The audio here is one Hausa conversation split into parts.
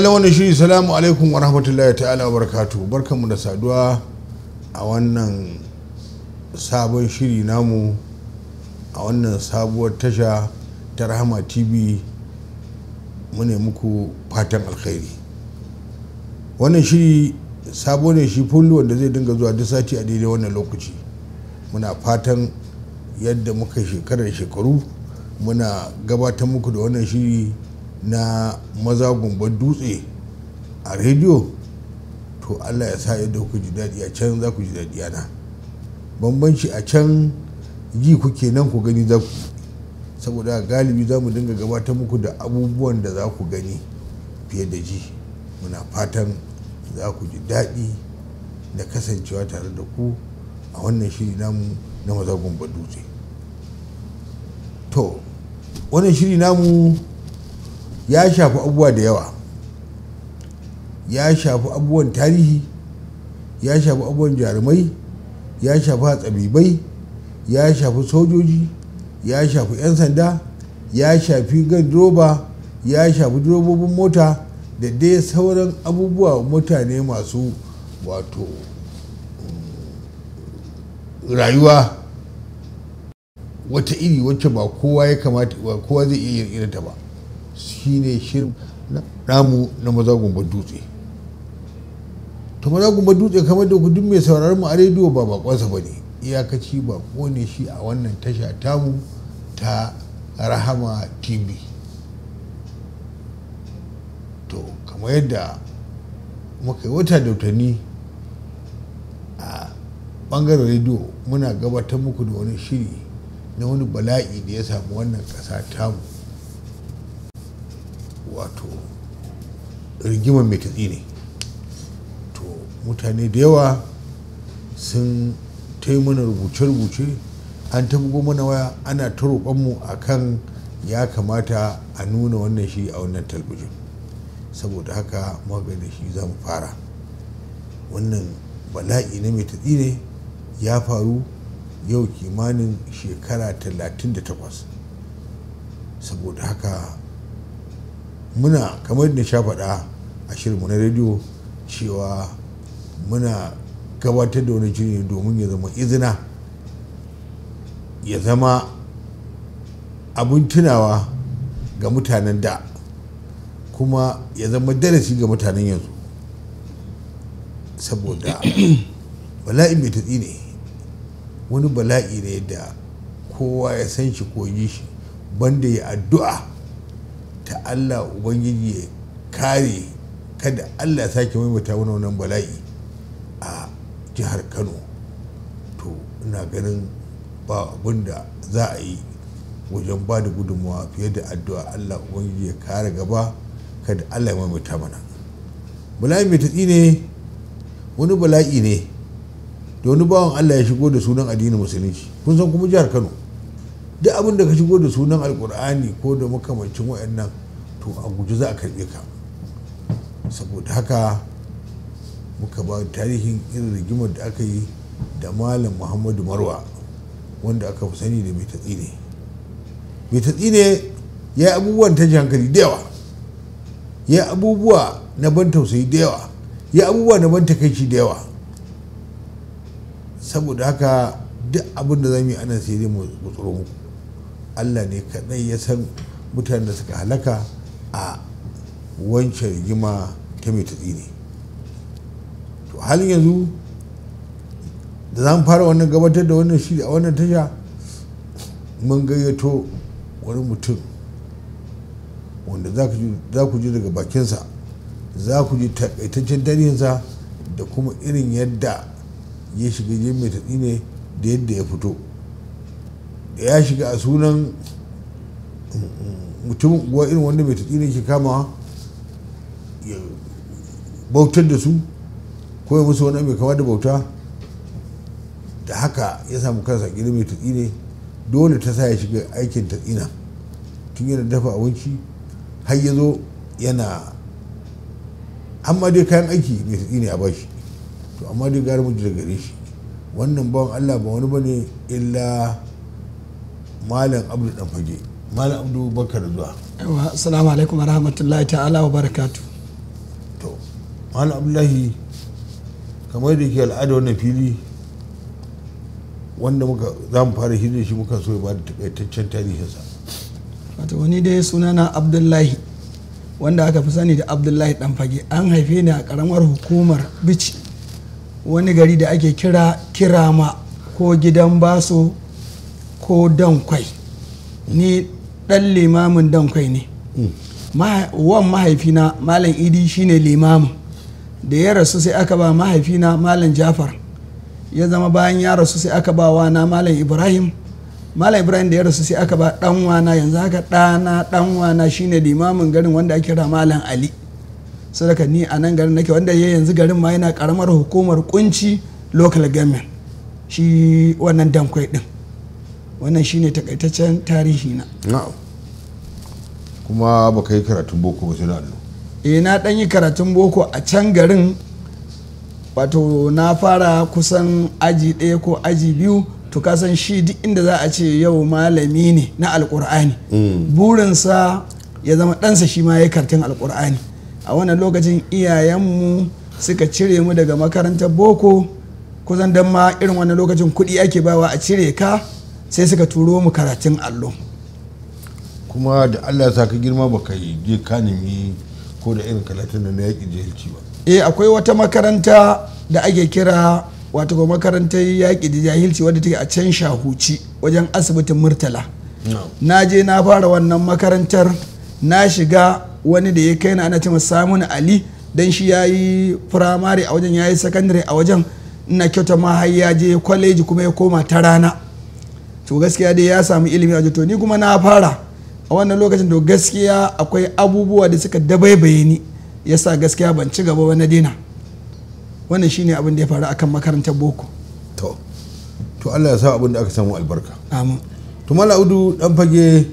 kallon wannan shiri salamu alaikum wa rahmatullahi ta'ala wa barkatu barkanmu da saduwa a wannan sabon shiri namu a wannan sabuwar tasha ta rahama tv mune muku fatan alkhairi wannan shiri sabo ne shi fullu wanda zai dinga zuwa duk sati a daidai wannan lokaci muna fatan yadda muka shekarar shekaru muna gabatar muku da wannan shiri na maza gumbar dutse a rediyo to allah ya sa yadda ku ji daɗi a can za ku ji daɗi ana bambanci a can ji kuke nan ku gani za ku saboda galibi za mu dinga gabatar muku da abubuwan da za ku gani fiye da ji muna fatan za ku ji daɗi da kasancewa tare da ku a wannan shiri namu na maza gumbar dutse to wannan shiri namu ya shafi abubuwa da yawa ya shafi abubuwan tarihi ya shafi abubuwan jarumai ya shafi hatsabibai ya shafi sojoji ya shafi 'yan sanda ya shafi gan roba, ya shafi durobobin mota da dai sauran abubuwa mutane masu wato mm, rayuwa wata iri wacce ba kowa ya kamata kowa zai iya irinta ba shine shirin ramu na maza gumbar dutse to maza gumbar dutse kamar da kudin mai sauraron mu a rediyo ba bakonsa ba ne iyakaci ba ne shi a wannan tasha tamu ta rahama tv to kamar yadda muka yi wata dautani a bangaren rediyo muna gabatar muku da wani shiri na wani bala'i da ya samu wannan ƙasa tamu wato rigimar mai ne to mutane da yawa sun ta mana rubuce-rubuce an tafi mana waya ana ta roƙonmu a kan ya kamata a nuna wannan shi a wannan talbijin saboda haka magana shi za mu fara wannan bala'i na mai ne ya faru yau kimanin shekara 38 saboda haka muna kamar yadda sha faɗa a shirinmu na rediyo cewa muna gabatar da wani shiri domin ya zama izina ya zama abin tunawa ga mutanen da kuma ya zama darasi ga mutanen yanzu saboda bala'i mai tatsi ne wani bala'i ne da kowa ya san shi ko yi shi banda ya addu'a ta Allah ubangiji ya kare kada Allah sake maimaita wani wannan bala'i a jihar Kano to ina ganin ba abin za a yi wajen ba da gudunmawa fiye da addu'a Allah ubangiji ya kare gaba kada Allah ya maimaita mana bala'i mai tatsi ne wani bala'i ne da wani bawan Allah ya shigo da sunan addinin musulunci kun san kuma jihar Kano duk abin da ka shigo da sunan alkur'ani ko da makamancin wa'annan to a guji za a karɓe ka saboda haka muka ba tarihin irin rigimar da aka yi da malam muhammadu marwa wanda aka fi sani da mai ne mai ne ya yi abubuwan ta hankali da yawa ya yi abubuwa na ban tausayi da yawa ya yi abubuwa na ban takaici da yawa saboda haka duk abinda da za mu yi anan sai dai mu tsoro muku allah ne kaɗai ya san mutanen da suka halaka a wancan rigima ta mai tatsi ne to halin yanzu da za mu fara wannan gabatar da wannan shi a wannan tasha mun gayyato wani mutum wanda za ku ji daga bakinsa za ku ji takaitaccen daninsa da kuma irin yadda ya shiga jin mai tatsi ne da yadda ya fito da ya shiga a sunan mutumin uwa irin wanda mai tatsi ke kama ya bautar da su ko ya musu wani mai kama da bauta da haka ya samu kansa gida mai tatsi dole ta sa ya shiga aikin tatsina tun yana dafa abinci har ya zo yana amma dai kayan aiki mai tatsi a bashi to amma dai gara mu da gare shi wannan bawan allah ba wani bane illa malam abdul dan fage malam abdu bakar zuwa yawa assalamu alaikum wa rahmatullahi ta'ala wa barakatu to malam abdullahi kamar da ke al'ada wannan fili wanda muka za mu fara hidin shi muka so ya ba da takaitaccen tarihinsa wato wani dai sunana abdullahi wanda aka fi sani da abdullahi dan fage an haife ni a karamar hukumar bici wani gari da ake kira kirama ko gidan baso ko dankwai ni ɗan limamin dankwai ne wan mahaifina malam idi shine limamin da ya rasu sai aka ba mahaifina malam jafar ya zama bayan ya rasu sai aka ba wana malam ibrahim malam ibrahim da ya rasu sai aka ba dan wana yanzu haka ɗana dan wana shine limamin garin wanda ake kira malam ali sadaka ni a nan garin nake wanda ya yanzu garin ma yana karamar hukumar kunci local government shi wannan dankwai din wannan shi ne takaitaccen tarihi na kuma ba ka yi karatun boko ba suna allo eh na dan yi karatun boko a can garin wato na fara kusan aji ɗaya ko aji biyu to kasan shi duk inda za a ce yau malami ne na alkur'ani mm. burinsa ya zama ɗansa shi ma ya kartin alkur'ani a wannan lokacin iyayenmu suka cire mu daga makarantar boko kusan don ma irin wannan lokacin kuɗi ake bawa a cire ka sai suka turo mu karatun allo kuma da allah sa ka girma ba ka je ka ko da irin karatun da na yaƙi jahilci ba eh akwai wata makaranta da ake kira wata ko makarantar yaƙi da jahilci wadda take a can shahuci wajen asibitin murtala na je na fara wannan makarantar na shiga wani da ya kai na ana cewa samun ali dan shi ya yi firamare a wajen ya yi sakandare a wajen na kyauta ma har ya je kwaleji kuma ya koma ta rana to gaskiya dai ya samu ilimi a to ni kuma na fara a wannan lokacin to gaskiya akwai abubuwa da suka dabaibaye ni sa gaskiya ban ci gaba na dina wannan shine abin da ya faru akan makarantar boko to to Allah ya sa abin da aka samu albarka amin to malaudu dan fage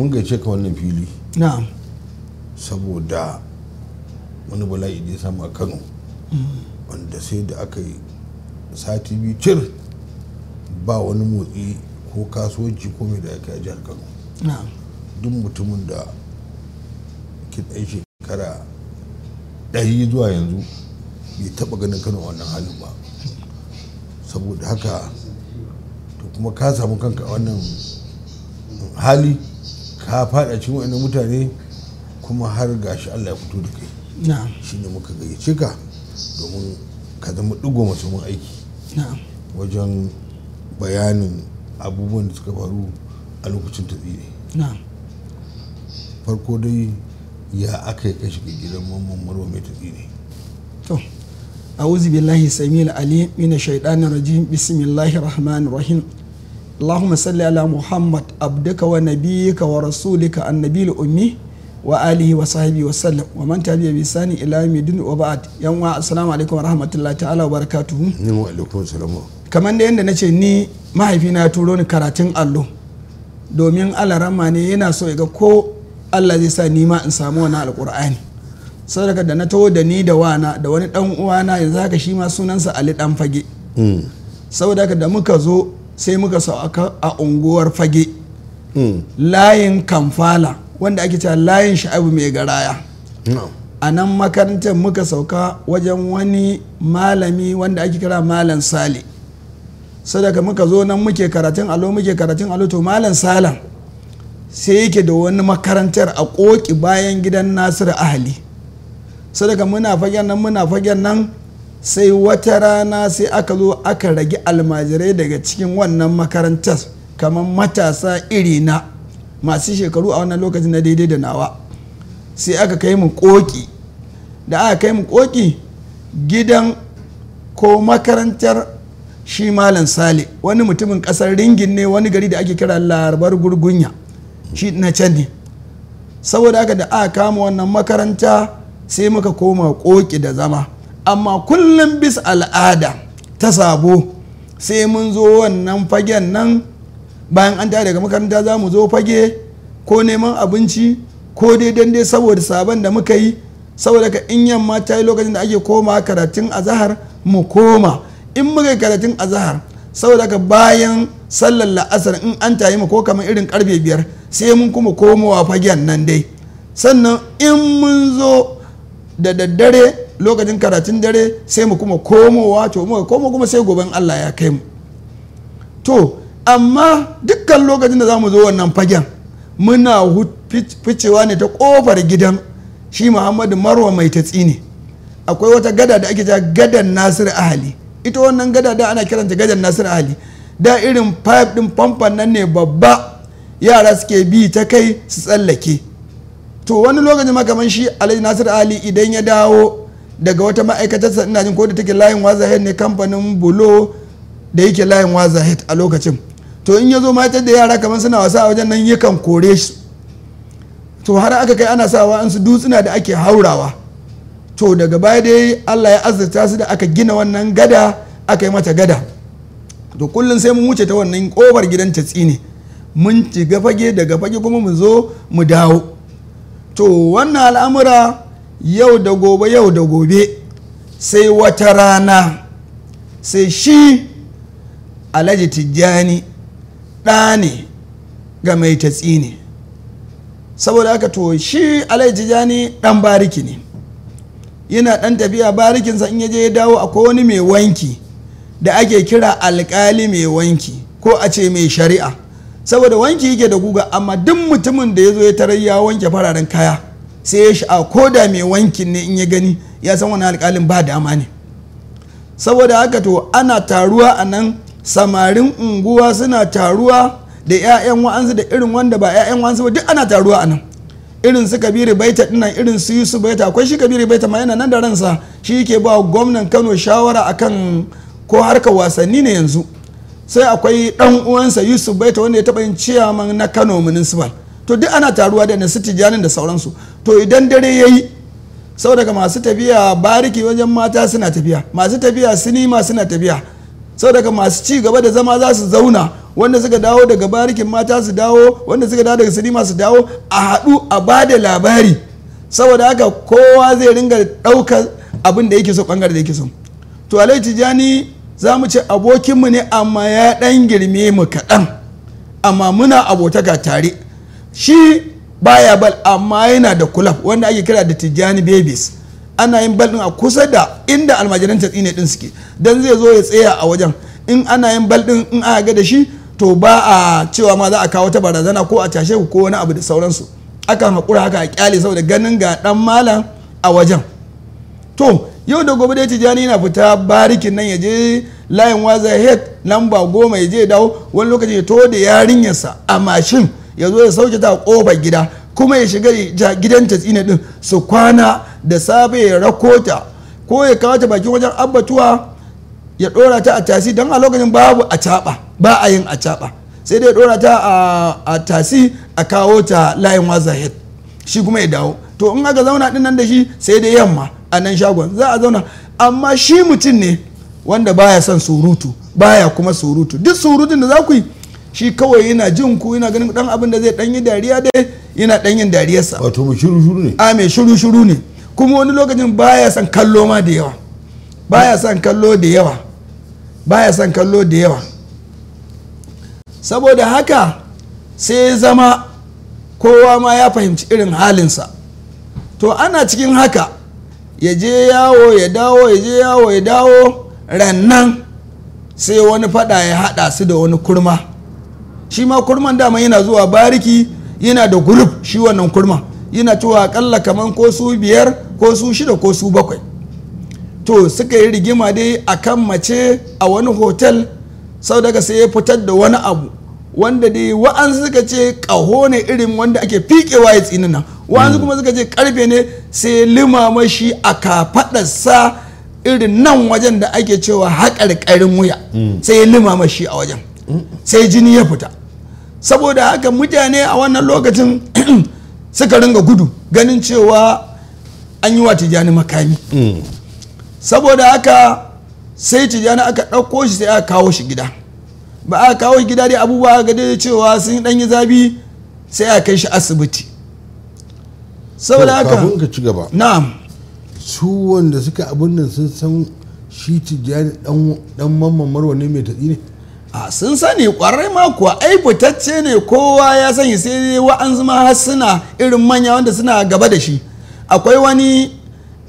mun gaice ka wannan fili na'am saboda wani bala'i da ya samu a Kano mm. wanda sai da aka yi sati biyu cir ba wani motsi ko kasuwanci ko mai da ya kai jihar kano duk mutumin da ke ɗan shekara ɗari zuwa yanzu bai taɓa ganin kano wannan halin ba saboda haka to kuma ka samu kanka wannan hali ka faɗa cikin wani mutane kuma har gashi allah ya fito da kai shi ne muka gayyace ka domin ka zama ɗigo masu mun aiki wajen bayanin abubuwan da suka faru a lokacin tafiye farko dai ya aka yi kashi gidan mamman marwa mai tafi ne to a'udhu billahi samil ali mina shaitanir rajim bismillahir rahmanir rahim allahumma salli ala muhammad abduka wa nabiyyika wa rasulika annabiyil ummi wa alihi wa sahbihi wa sallam wa man tabi'a bi ila yawmi din wa ba'd yan wa assalamu alaikum wa rahmatullahi ta'ala wa barakatuh wa alaikum assalam kamar da yadda na ce ni mahaifina ya turo ni karatun allo domin alarama ne yana so ya ga ko allah zai sa ni ma in samu wani alkur'ani sadaka da na taho da ni da wana da wani dan uwana yanzu haka shi ma sunansa ali dan fage hmm. saboda da muka zo sai muka sauka a unguwar fage hmm. layin kamfala wanda ake cewa layin sha'abu mai garaya a nan makarantar muka sauka wajen wani malami wanda ake kira malam sale sadaka muka zo nan muke karatun alo muke karatun alo to malam salam sai yake da wani makarantar a koki bayan gidan nasiru ahali sadaka muna fagen nan muna fagen nan sai wata rana sai aka zo aka ragi almajirai daga cikin wannan makarantar kamar matasa iri na masu shekaru a wannan lokacin na daidai da nawa sai aka kai mu koki da aka kai mu koki gidan ko makarantar shi malam sale wani mutumin kasar ringin ne wani gari da ake kira larabar gurgunya shi na can ne saboda haka da aka kama wannan makaranta sai muka koma koki da zama amma kullum bis al'ada ta sabo sai mun zo wannan fagen nan bayan an tare daga makaranta za mu zo fage ko neman abinci ko dai dai saboda sabon da muka yi saboda ka in yamma ta yi lokacin da ake koma karatun azahar mu koma in muka karatun azahar saboda ka bayan sallar la'asar in an tayi mu ko kamar irin karfe biyar sai mun kuma komowa fagen nan dai sannan in mun zo da daddare lokacin karatun dare sai mu kuma komowa to muka komo kuma sai goben allah ya kai mu to amma dukkan lokacin da za mu zo wannan fagen muna ficewa ne ta kofar gidan shi muhammadu marwa mai ta ne akwai wata gada da ake ja gadan nasir ahali ita wannan gada da ana kiranta gadan nasir ali da irin pipe din famfan nan ne babba yara suke bi ta kai su tsallake to wani lokacin makaman shi alhaji nasir ali idan ya dawo daga wata ma'aikatar sa ina jin ko da take layin head ne kamfanin bulo da yake layin head a lokacin to in ya zo matar da yara kamar suna wasa a wajen nan yakan kore su to har aka kai ana sawa an su dutsuna da ake haurawa to daga baya dai allah ya azurta su da aka gina wannan gada aka yi mata gada to kullum sai mun wuce ta wannan kobar gidan ta tsine mun ci fage daga fage kuma mu zo mu dawo to wannan al'amura yau da gobe yau da gobe sai wata rana sai shi alhaji tijjani ɗa ne ga mai tatsi ne saboda haka to shi alhaji tijjani ɗan bariki ne yana ɗan tafiya barikinsa in ya je ya dawo akwai wani mai wanki da ake kira alkali mai wanki ko a ce mai shari'a saboda wanki yake da guga amma duk mutumin da ya zo ya tarar ya wanke fararen kaya sai ya sha ko da mai wankin ne in ya gani ya san wani alƙalin ba dama ne saboda haka to ana taruwa a nan samarin unguwa suna taruwa da 'ya'yan wa'ansu da irin wanda ba 'ya'yan wa'ansu ba duk ana taruwa a nan irin su kabiru baita dinnan irin su yusuf baita akwai shi kabiru baita ma yana nan da ransa shi yake ba gwamnan kano shawara akan ko harkar wasanni ne yanzu sai akwai dan uwansa yusuf baita wanda ya taba yin ciyaman na kano municipal to duk ana taruwa da nasu tijanin da sauransu to idan dare ya yi sau daga masu tafiya bariki wajen mata suna tafiya masu tafiya sinima suna tafiya sau daga masu ci gaba da zama za su zauna wanda suka dawo daga barikin mata su dawo wanda suka dawo daga sinima su dawo a haɗu a ba da labari saboda haka kowa zai ringa ɗaukar abin da yake so ɓangare da yake so to alai tijani za mu ce abokinmu ne amma ya ɗan girme mu kaɗan amma muna abotaka tare shi baya bal amma yana da kulaf wanda ake kira da tijani babies ana yin bal a kusa da inda almajiran ne ɗin suke don zai zo ya tsaya a wajen in ana yin bal in aka ga da shi to ba a cewa ma za a kawo ta barazana ko a tashe ku ko wani abu da sauransu akan haƙura haka a kyale saboda ganin ga ɗan malam a wajen to yau da gobe dai jani na fita barikin nan ya je layin waza head lamba goma ya je dawo wani lokaci ya to da yarinyarsa a mashin ya zo ya sauke ta kofar gida kuma ya shiga gidan tsine din su kwana da safe ya rakota ko ya kawo ta bakin wajen abbatuwa ya dora ta a tasi don a lokacin babu a caɓa ba a yin acaɓa sai dai ɗora ta a tasi a kawo ta layin waza head shi kuma ya dawo to in aka zauna ɗin nan da shi sai dai yamma a nan shagon za a zauna amma shi mutum ne wanda baya son surutu baya kuma surutu duk surutun da za ku yi shi kawai yana jin ku yana ganin dan abin da zai dan yi dariya dai yana dan yin dariyarsa wato mu shiru shiru ne a mai shiru shiru ne kuma wani lokacin baya son kallo ma da yawa baya son kallo da yawa baya son kallo da yawa saboda haka sai zama kowa ma ya fahimci irin halinsa to ana cikin haka ya je yawo ya dawo ya je yawo ya dawo rannan sai wani fada ya hada su da wani kurma shi ma kurman dama yana zuwa bariki yana da gurup shi wannan kurma. yana cewa akalla kaman ko su biyar ko su shida ko su bakwai to suka yi rigima dai a kan mace a wani hotel sau daga sai ya fitar da wani abu wanda dai wa'ansu suka ce ƙaho ne irin wanda ake fiƙewa ya tsini nan wa'ansu kuma suka ce karfe ne sai limama shi a kafaɗarsa irin nan wajen da ake cewa haƙarƙarin wuya mm. sai ya limama shi a wajen sai jini ya fita saboda haka mutane a wannan lokacin suka ringa gudu ganin cewa an yi wa tijjani makami mm. saboda haka sai tijjani aka ɗauko shi sai aka kawo shi gida ba a kawo shi gida dai abubuwa ga dai cewa sun ɗan yi zabi sai a kai shi asibiti saboda haka kafin ka ci gaba na'am su wanda suka abin nan sun san shi tijjani dan mamman marwa ne mai tatsi ne a sun sani kwarai ma kuwa ai fitacce ne kowa ya sani sai dai wa'anzu ma suna irin manya wanda suna gaba da shi akwai wani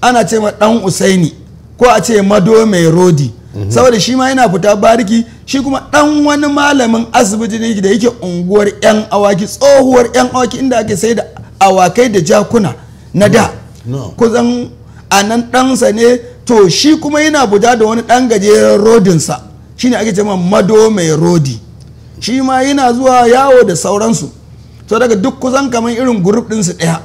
ana ce ma dan usaini ko a ce mado mai rodi saboda shi ma yana fita bariki shi kuma dan wani malamin asibiti ne da yake unguwar yan awaki tsohuwar yan awaki inda ake sai da awakai da jakuna na da kusan a nan ɗansa ne to shi kuma yana fita da wani dan gajeren rodinsa shine ake cewa mado mai rodi shi ma yana zuwa yawo da sauransu to daga duk kusan kamar irin gurup ɗinsu ɗaya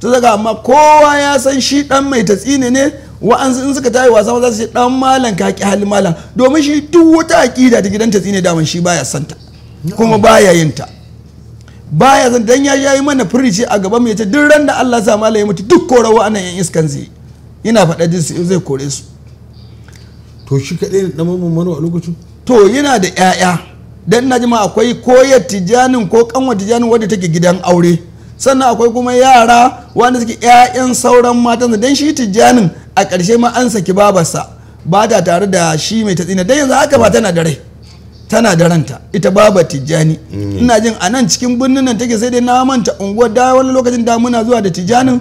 to daga amma kowa ya san shi ɗan mai tatsine ne wa'ansu in suka tayi wasa za su ce dan malam ka ki halin malam domin shi duk wata akida ta gidanta tsine da daman shi baya santa kuma baya yin ta baya zan dan ya yayi mana furici a gaban mu yace duk ran da Allah ya sa malam ya mutu duk korawa anan yan iskan zai yana faɗa din zai kore su to shi kaɗai ne dan mamman a lokacin to yana da 'ya'ya dan na jima akwai koyar tijanin ko kanwa tijanin wadda take gidan aure sannan akwai kuma yara wanda suke 'ya'yan sauran matan dan shi tijanin a ƙarshe ma an saki babarsa ba ta tare da shi mai ta tsina dai yanzu haka ba tana da tana da ranta ita baba tijjani mm. ina jin a nan cikin birnin nan take sai dai na manta unguwar da wani lokacin da muna zuwa da tijjanin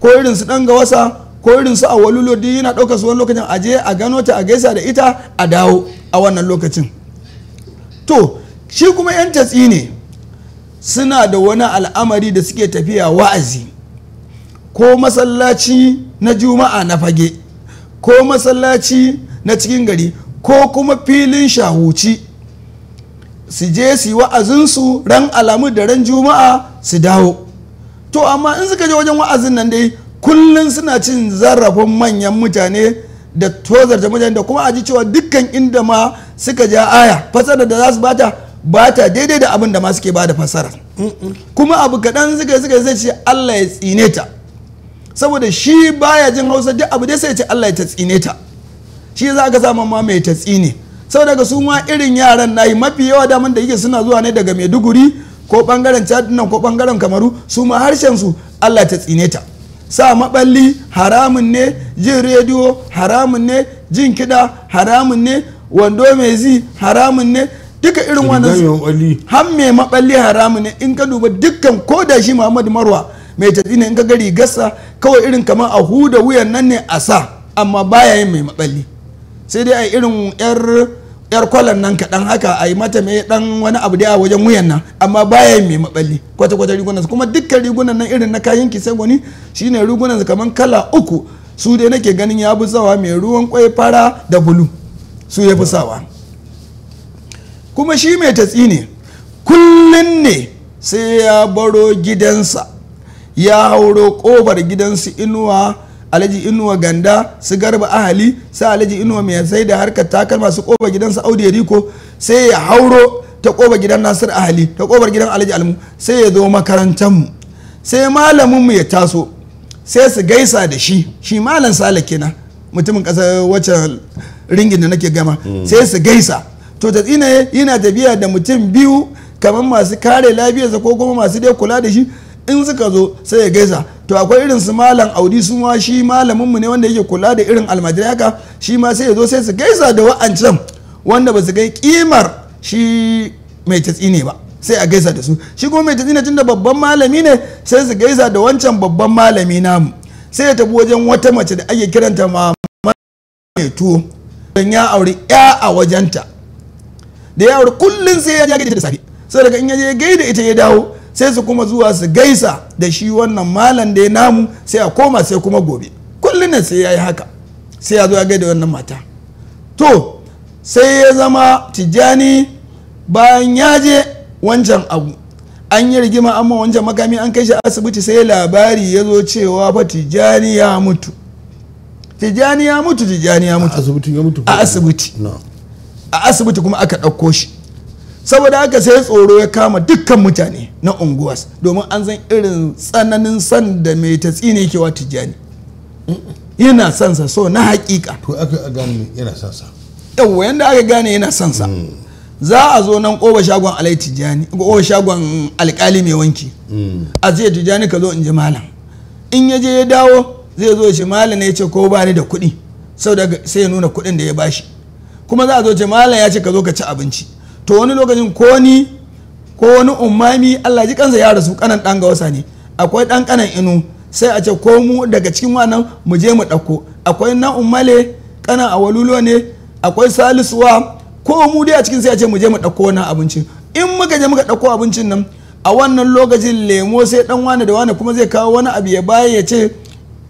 ko irin su dan wasa ko irin su a walulo duk yana ɗaukar su wani lokacin a je a gano ta a gaisa da ita a dawo a wannan lokacin to shi kuma yan tatsi ne suna da wani al'amari da suke tafiya wa'azi ko masallaci na juma'a na fage ko masallaci na cikin gari ko kuma filin shahuci su je su yi wa'azinsu ran alamu da ran juma'a su dawo to amma in suka je wajen wa'azin nan dai kullum suna cin zarafin manyan mutane da tozarta mutane da kuma a ji cewa dukkan inda ma suka ja aya fasara da za su bata ba daidai da abin da ma suke ba da fasara kuma abu kaɗan suka suka zai ce allah ya tsine ta saboda shi baya jin hausa duk abu dai sai ce Allah ya tatsine ta shi za ka zama ma mai ta saboda ga su ma irin yaran nayi mafi yawa daman da yake suna zuwa ne daga Maiduguri ko bangaren Chad nan ko bangaren Kamaru su ma harshen su Allah ya tatsine ta sa maballi haramun ne jin rediyo haramun ne jin kiɗa haramun ne wando mai zi haramun ne duka irin wannan har mai maballi haramun ne in ka duba dukkan ko da shi Muhammadu Marwa mai tafi ne in ka ga rigarsa kawai irin kamar a huda wuyan nan ne a sa amma baya yin mai maballi sai dai a irin yar yar kwalan nan kaɗan haka a yi mata mai ɗan wani abu da a wajen wuyan nan amma baya yin mai maballi kwata kwata rigunan kuma dukkan rigunan nan irin na kayan ki, sai wani shine rigunan kamar kala uku su dai nake ganin ya fi sawa mai ruwan kwai fara da bulu su ya fi sawa kuma shi mai tatsi ne kullum ne sai ya baro gidansa ya hauro kofar gidansu inuwa alhaji inuwa ganda su garba ahali sai alhaji inuwa mai sai da harkar takalma su kofar gidansu audu riko sai ya hauro ta kofar gidan nasir ahali ta kofar gidan alhaji almu sai ya zo makarantar mu sai malamin mu ya taso sai su gaisa da shi shi malam sale kenan mutumin kasar wacce ringin da nake gama mm. sai su gaisa to ta tsina yana tafiya da mutum biyu kamar masu kare lafiyarsa ko kuma masu dai kula da shi in suka zo sai ya gaisa to akwai irin su malam audi su ma shi malamin mu ne wanda yake kula da irin almajirai haka shi ma sai ya zo sai su gaisa da wa'ancan wanda ba su kai kimar shi mai tatsi ne ba sai a gaisa da su shi kuma mai tatsi ne tunda babban malami ne sai su gaisa da wancan babban malami namu sai ya tafi wajen wata mace da ake kiranta mama mai tuwo don ya auri ya a wajenta da ya auri kullum sai ya gaida da safe sai daga in ya je gaida ita ya dawo sai su kuma zuwa su gaisa da shi wannan malam da ya namu sai a koma sai kuma gobe kullum ne sai ya yi haka sai ya zo ya gaida wannan mata to sai ya zama tijjani bayan ya je wancan abu an yi rigima amma wancan makami an kai shi asibiti sai labari ya zo cewa fa tijjani ya mutu tijjani ya mutu tijjani ya mutu a asibiti a asibiti kuma aka ɗauko shi saboda haka sai tsoro ya kama dukkan mutane na unguwas domin an zan irin tsananin san da mai tatsi ne wata tijjani yana son sa so na hakika to aka gane yana son sa yawa yanda aka gane yana son sa hmm. za a zo nan koba shagon alai tijjani koba shagon alkali mai wanki hmm. a zai tijjani ka zo in ji malam in ya je ya dawo zai zo shi malam ne ya ce ko ba ni da kuɗi sai ya nuna kuɗin da ya bashi kuma za a zo ce malam ya ce ka zo ka ci abinci to wani lokacin ko ni ko wani umami Allah ji kansa ya rasu kanan dan ga wasa ne akwai dan kanan inu sai a ce ko mu daga cikin wannan mu je mu ɗauko akwai na umale kanan awalulo ne akwai salisuwa ko mu dai a cikin sai a ce mu je mu ɗauko wannan abincin in muka je muka ɗauko abincin nan a wannan lokacin lemo sai dan wani da wani kuma zai kawo wani abu ya baya ya ce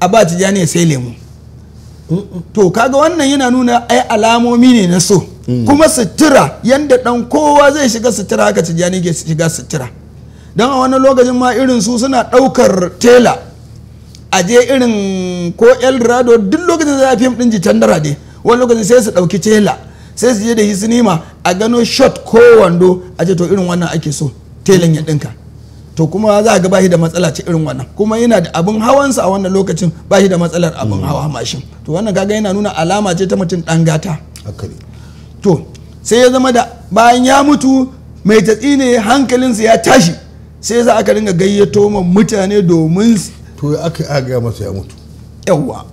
a ba tijani ya sai lemo to kaga wannan yana nuna ai alamomi ne na so Mm. kuma sutura yadda dan kowa zai shiga sutura haka tijjani ke shiga sutura don a wani lokacin ma irin su suna daukar tela a je irin ko eldorado duk lokacin za a fim din jitan dara ne wani lokacin sai su dauki tela sai su je da hisnima a gano shot ko wando a ce to irin wannan ake so telan ya dinka to kuma za ga bashi da matsala ce irin wannan kuma yana da abin hawansa a wannan lokacin bashi da matsalar abin mm. hawa mashin to wannan kaga yana nuna alama ce ta mutum dan gata to sai ya zama da bayan ya mutu mai tatsi ne hankalinsa ya tashi sai za aka dinga gayyato ma mutane domin to ya aka aga masa ya mutu yawwa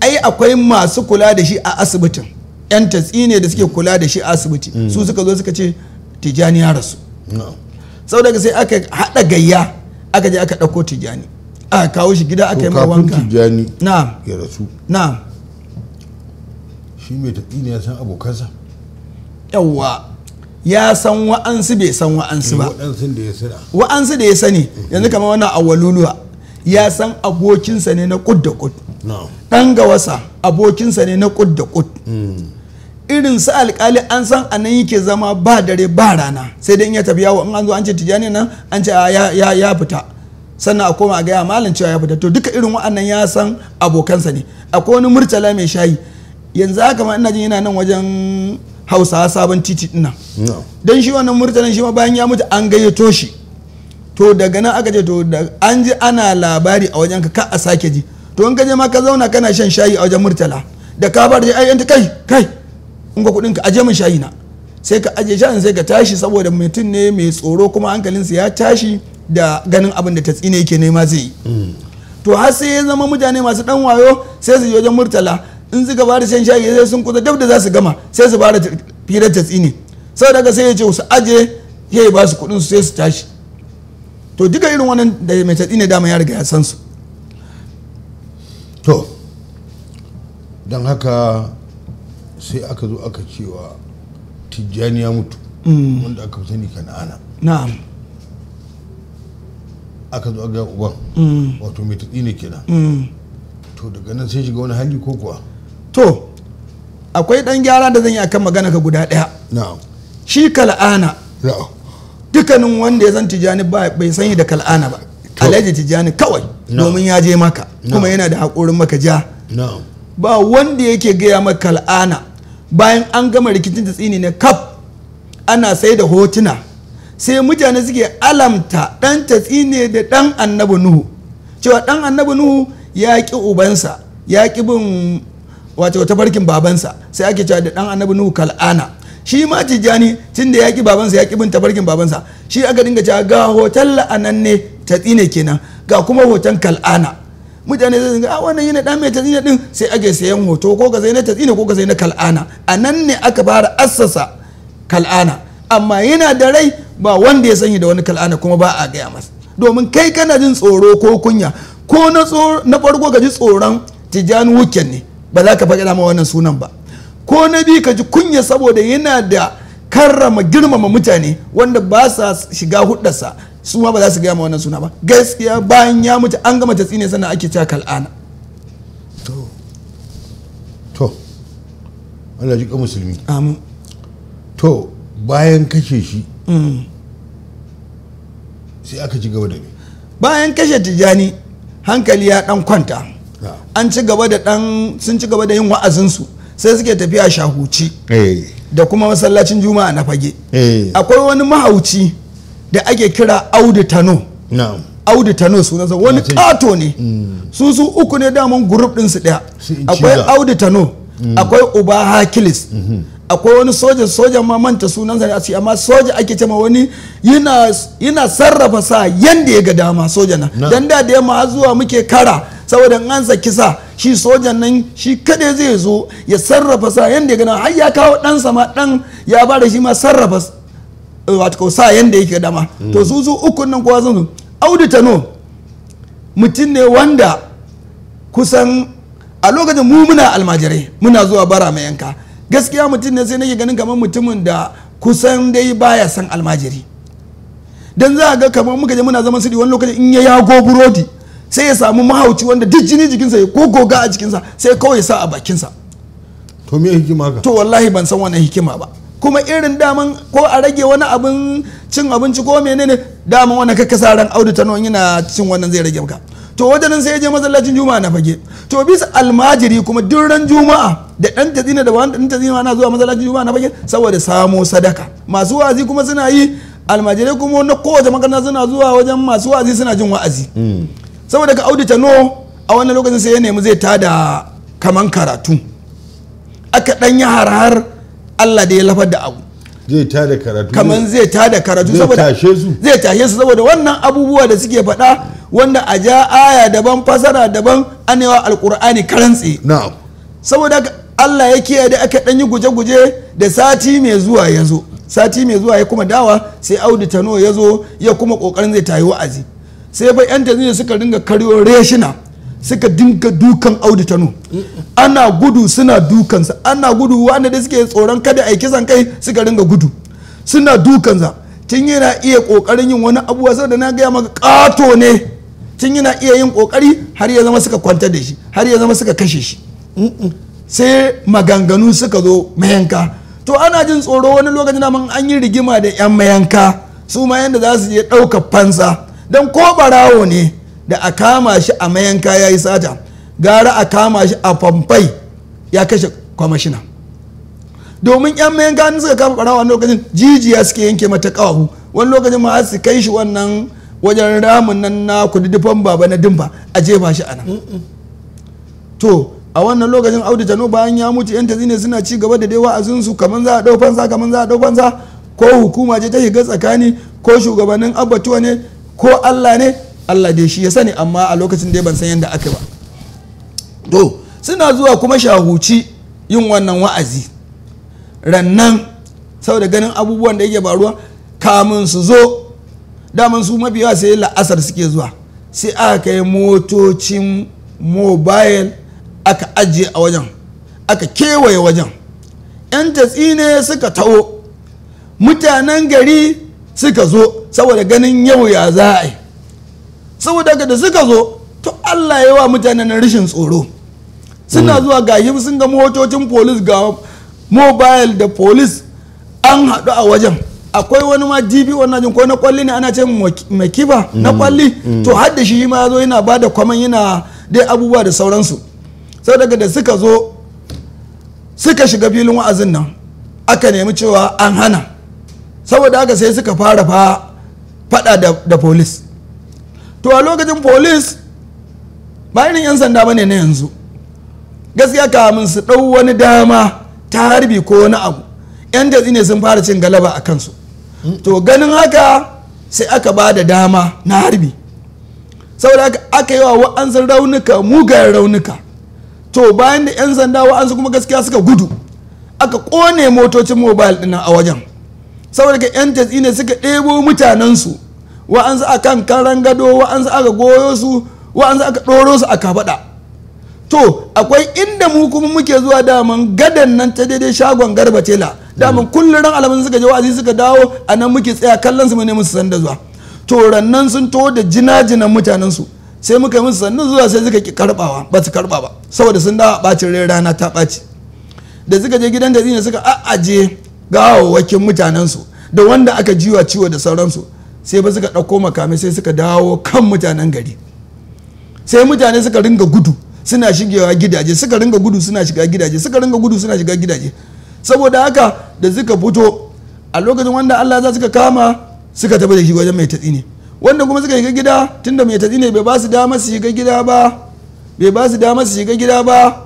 ai akwai masu kula da shi a asibitin yan tatsi ne da suke kula da shi a asibiti mm. su suka zo suka ce tijani ya rasu sau daga sai aka haɗa gayya aka je aka ɗauko tijani aka kawo shi gida aka yi ma wanka tijani na ya rasu na shi mai tatsi ne ya san abokansa yawwa ya san wa'ansu bai san wa'ansu ba wa'ansu da ya sani yanzu kamar wannan waluluwa ya san abokinsa ne na kud da kud ɗan wasa abokinsa ne na kud da kud hmm. irin su alkali an san a nan yake zama ba dare ba rana sai dai in ya tafi yawo in an zo an ce tijani nan an ce ya fita sannan a koma a gaya malam cewa ya fita to duka irin wa'annan ya san abokansa ne akwai wani murtala mai shayi yanzu haka ma ina jin yana nan wajen hausawa sabon titi dinnan don shi wannan murtalan shi ma bayan ya mutu an gayyato shi to daga nan aka ce to an ji ana labari a wajen ka a sake ji to in ka je ma ka zauna kana shan shayi a wajen murtala da ka bar ai yanta kai kai in ga kudin ka aje min shayi na sai ka aje shan sai ka tashi saboda mutum ne mai tsoro kuma hankalinsa ya tashi da ganin abin da ta tsine yake nema zai yi mm. to har sai ya zama mutane masu dan wayo sai su je wajen murtala in gaba fara shan shayi sai sun kusa dab da za su gama sai su fara firar ta tsini sau daga sai ya ce su aje ya yi ba su kudin su sai su tashi to duka irin wannan da mai ta ne dama ya riga ya san su to don haka sai aka zo aka cewa tijjani ya mutu mm. wanda aka fi sani kana'ana na'am aka zo aka uban mm. wato mai ta tsini kenan mm. to daga nan sai shiga wani hali ko kuwa to akwai dan gyara da zan yi akan magana ka guda daya shi kal'ana dukkanin wanda ya san tijani bai san da kal'ana ba alhaji tijani kawai domin ya je maka kuma yana da haƙurin maka ja ba wanda yake gaya maka kal'ana bayan an gama rikicin tsini ne kaf ana sai da hotuna sai mutane suke alamta dan tatsine da dan annabi nuhu cewa dan annabi nuhu ya ki ubansa ya ki bin wato tafarkin babansa sai ake cewa da dan annabi nuhu kal'ana shi ma tijjani tun da ki babansa ki bin tafarkin babansa shi aka dinga cewa ga hoton la'ananne ta tsine kenan ga kuma hoton kal'ana mutane zai ga ah, wannan yana dan mai tsine din sai ake sayan hoto ko ka sai na tsine ko ka na kal'ana a nan ne aka fara assasa kal'ana amma yana da rai ba wanda ya sanya da wani kal'ana kuma ba a gaya masa domin kai kana jin tsoro ko kunya ko na farko ka ji tsoron tijjani wuken ne ba za ka faɗi ma wannan sunan ba ko na bi ka ji kunya saboda yana da karrama girmama mutane wanda ba sa shiga hudarsa su ma ba za su gaya ma wannan suna ba gaskiya bayan ya mutu an gama ta tsine sannan ake cewa kal'ana to to Allah ji musulmi amin to bayan kashe shi mm. sai aka ci gaba da bayan kashe tijani hankali ya dan kwanta an ci gaba da dan sun ci gaba da yin wa'azinsu sai suke tafiya shahuci eh. da kuma masallacin juma'a na fage eh. akwai wani mahauci da ake kira audu tano audu tano sunansa wani kato ne mm. su su uku ne daman gurup su ɗaya akwai audu tano mm. akwai uba hakilis mm-hmm. akwai wani soja soja ma manta sunansa ne a amma soja ake cewa wani yana sarrafa sa yanda ya ga dama soja na dan da da yamma zuwa muke kara saboda an saki sa shi sojan nan shi kadai zai zo ya sarrafa sa yanda ya gana har ya kawo ɗansa ma ɗan ya ba da shi ma sarrafa eh, wato sa yanda yake dama to hmm. su su ukun nan kuwa sun audu tano mutum ne wanda kusan a lokacin mu muna almajirai muna zuwa bara mai yanka gaskiya mutum ne sai nake ganin kamar mutumin da kusan dai baya san almajiri dan za a ga kamar muka je muna zaman sidi wani lokacin in ya yago burodi sai ya samu mahauci wanda duk jini jikinsa ya goga a jikinsa sai kawai sa a bakinsa to me hikima ka to wallahi ban san wannan hikima ba kuma irin daman ko a rage wani abin cin abinci ko menene daman wannan kakkasa ran audu ta yana cin wannan zai rage maka to wajen sai ya je masallacin juma'a na fage to bisa almajiri kuma duk ran juma'a da dan tazina da wanda dan tazina na zuwa masallacin juma'a na fage saboda samo sadaka masu wazi kuma suna yi almajirai kuma na kowace makarna suna zuwa wajen masu wazi suna jin wa'azi hmm. saboda ka audi no a wannan lokacin sai ya nemi zai ta da kaman karatu aka dan yi har Allah da ya lafar da abu zai da karatu kaman zai ta da karatu saboda zai tashe su saboda wannan abubuwa da suke faɗa wanda a ja aya daban fasara daban anewa alkur'ani karantsi na'am saboda Allah ya kiyaye da aka dan yi guje-guje da sati mai zuwa yazo sati mai zuwa ya kuma dawa sai audi no ya zo ya kuma kokarin zai tayi wa'azi sai ba yan tanzania suka dinga karyo reshina suka dinga dukan audu tanu ana gudu suna dukansa ana gudu wanda da suke tsoron kada a yi kisan kai suka dinga gudu suna dukansa tun yana iya kokarin yin wani abuwa da na gaya maka kato ne tun yana iya yin kokari har ya zama suka kwantar da shi har ya zama suka kashe shi sai maganganu suka zo mayanka to ana jin tsoro wani lokacin mun an yi rigima da yan mayanka su ma yanda za su je ɗaukar fansa don ko barawo ne da a kama shi a mayanka ya yi sata gara a kama shi a famfai ya kashe kwamashina domin yan mayanka ne suka kama barawo a lokacin jijiya suke yanke mata kawahu wani lokacin ma su kai shi wannan wajen ramin nan na kududdufan baba na dimba a jefa shi a to a wannan lokacin audu jano bayan ya mutu yan tazine suna ci gaba da dai wa'azinsu kaman za a dau fansa kaman za a dau fansa ko hukuma ce ta shiga tsakani ko shugabannin abbatuwa ne ko Allah ne Allah dai shi ya sani amma a lokacin dai ban san yadda aka ba to suna zuwa kuma shahuci yin wannan wa'azi rannan saboda ganin abubuwan da yake baruwa kamun su zo daman su mabiya sai la'asar suke zuwa sai aka kai motocin mobile aka ajiye a wajen aka kewaye wajen 'yan tatsi ne suka tawo mutanen gari suka zo saboda ganin yau ya za a yi saboda da suka zo to allah ya wa mutanen rashin tsoro suna mm. zuwa gashi sun ga motocin polis ga mobile da polis an haɗu a wajen akwai wani ma jibi wannan jin ko na kwalli ne ana ce makiba na mm, kwalli mm. to har da shi ma zo yana ba da kwaman yana dai abubuwa da sauransu sau daga da suka zo suka shiga filin wa'azin nan aka nemi cewa an hana saboda haka sai suka fara fa fada da police to a lokacin police ba irin 'yan sanda ba ne na yanzu gaskiya kamun su ɗau wani dama ta harbi ko wani abu 'yan da ne sun fara cin galaba a kansu to ganin haka sai aka ba da dama na harbi saboda aka yi wa wa'ansu raunuka mugayen raunuka to bayan da 'yan sanda wa'ansu kuma gaskiya suka gudu aka kone motocin mobile dinnan a wajen saboda ka 'yan ne suka ɗebo mutanensu wa'ansu a kan karan gado wa'ansu aka goyo su wa'ansu aka ɗoro su a kafaɗa to akwai inda mu kuma muke zuwa daman gadan nan ta daidai shagon garba tela daman kullum ran alamun suka je wa'azi suka dawo a nan muke tsaya kallon su mu ne musu sanda zuwa to rannan sun to da jinajinan mutanen su sai muka yi musu sannu zuwa sai suka ki karbawa ba su karba ba saboda sun dawa bacin rai rana ta ɓaci da suka je gidan da zina suka a'aje wakin mutanen su da wanda aka jiwa ciwo da sauransu sai ba suka ɗauko makamai sai suka dawo kan mutanen gari sai mutane suka ringa gudu suna shigewa gidaje suka ringa gudu suna shiga gidaje suka ringa gudu suna shiga gidaje saboda haka da suka fito a lokacin wanda Allah za suka kama suka tafi da shi wajen mai tatsi ne wanda kuma suka shiga gida tunda mai tatsi ne bai ba su dama su shiga gida ba bai ba su dama su shiga gida ba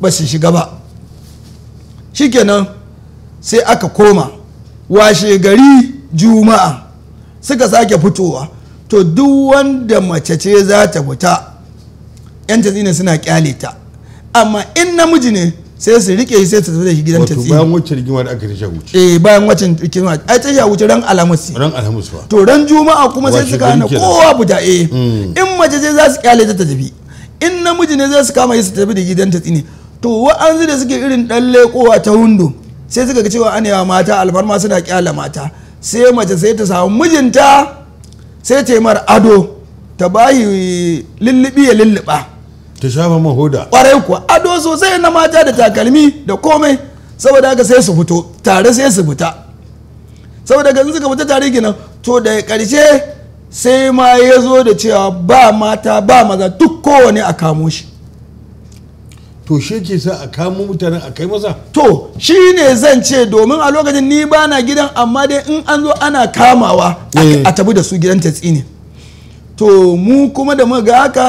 ba su shiga ba shikenan sai aka koma washe gari juma'a suka sake fitowa to duk wanda mace ce za ta fita 'yan tatsina suna kyale ta amma in namiji ne sai su rike shi sai su tafi da shi gidan tatsina bayan wacce rigima da aka tasha wuce eh bayan wacce rigima ai tasha wuce ran alhamis ran alhamis to ran juma'a kuma sai su hana kowa fita eh hmm. in mace ce za su kyale ta tafi in namiji ne zai su kama shi su tafi da gidan tatsina to wa'anzu da suke irin dan lekowa ta hundu sai suka ga cewa an mata alfarma suna kyale mata sai mace sai ta samu mijinta sai ta mar ado ta bayi lullubi ya lulluba ta shafa mahoda kwarai kuwa ado sosai na mata da takalmi da komai saboda haka sai su fito tare sai su fita saboda ga suka fita tare kenan to da karshe sai ma ya zo da cewa ba mata ba maza duk kowane a kamo shi to shi ke sa a kamo mutanen a kai masa to shi ne zan ce domin a lokacin ni ba na gidan amma dai in an zo ana kamawa a eh. tabi da su gidan tatsi ne to mu kuma da muka ga haka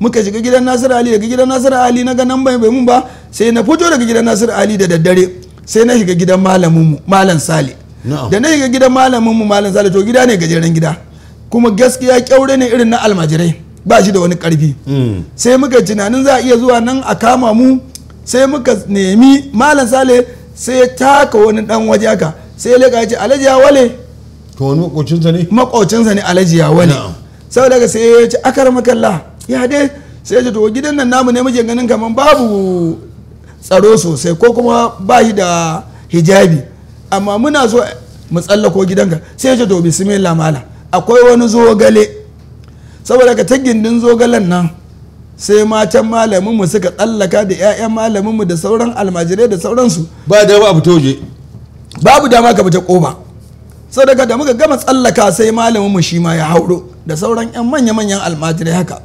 muka shiga gidan nasiru ali daga gidan nasiru ali na ga nan bai mun ba sai na fito daga gidan nasiru ali da daddare sai na shiga gidan malamin malam sale da na shiga gidan malamin mu malam sale to gida ne gajeren gida kuma gaskiya kyaure ne irin na almajirai ba shi da wani karfi mm. sai muka tunanin za a iya zuwa nan a kama mu sai muka nemi malam sale sai ya taka wani dan waje haka sai ya leka ya ce alhaji ya wale to wani makocinsa ne makocinsa ne alhaji ya wale sau daga sai ya ce akar makalla ya dai sai ya ce to gidan nan namu ne muke ganin kamar babu tsaro sosai ko kuma ba shi da hijabi amma muna so mu tsallako gidanka sai ya ce to bismillah mala akwai wani zogale saboda ka ta gindin zogalen nan sai matan malaminmu suka tsallaka da 'ya'yan malaminmu da sauran almajirai da sauransu ba da ba fito je babu dama ka fita koma sadaka da muka gama tsallaka sai malaminmu shi ma ya hauro da sauran 'yan manya-manyan almajirai haka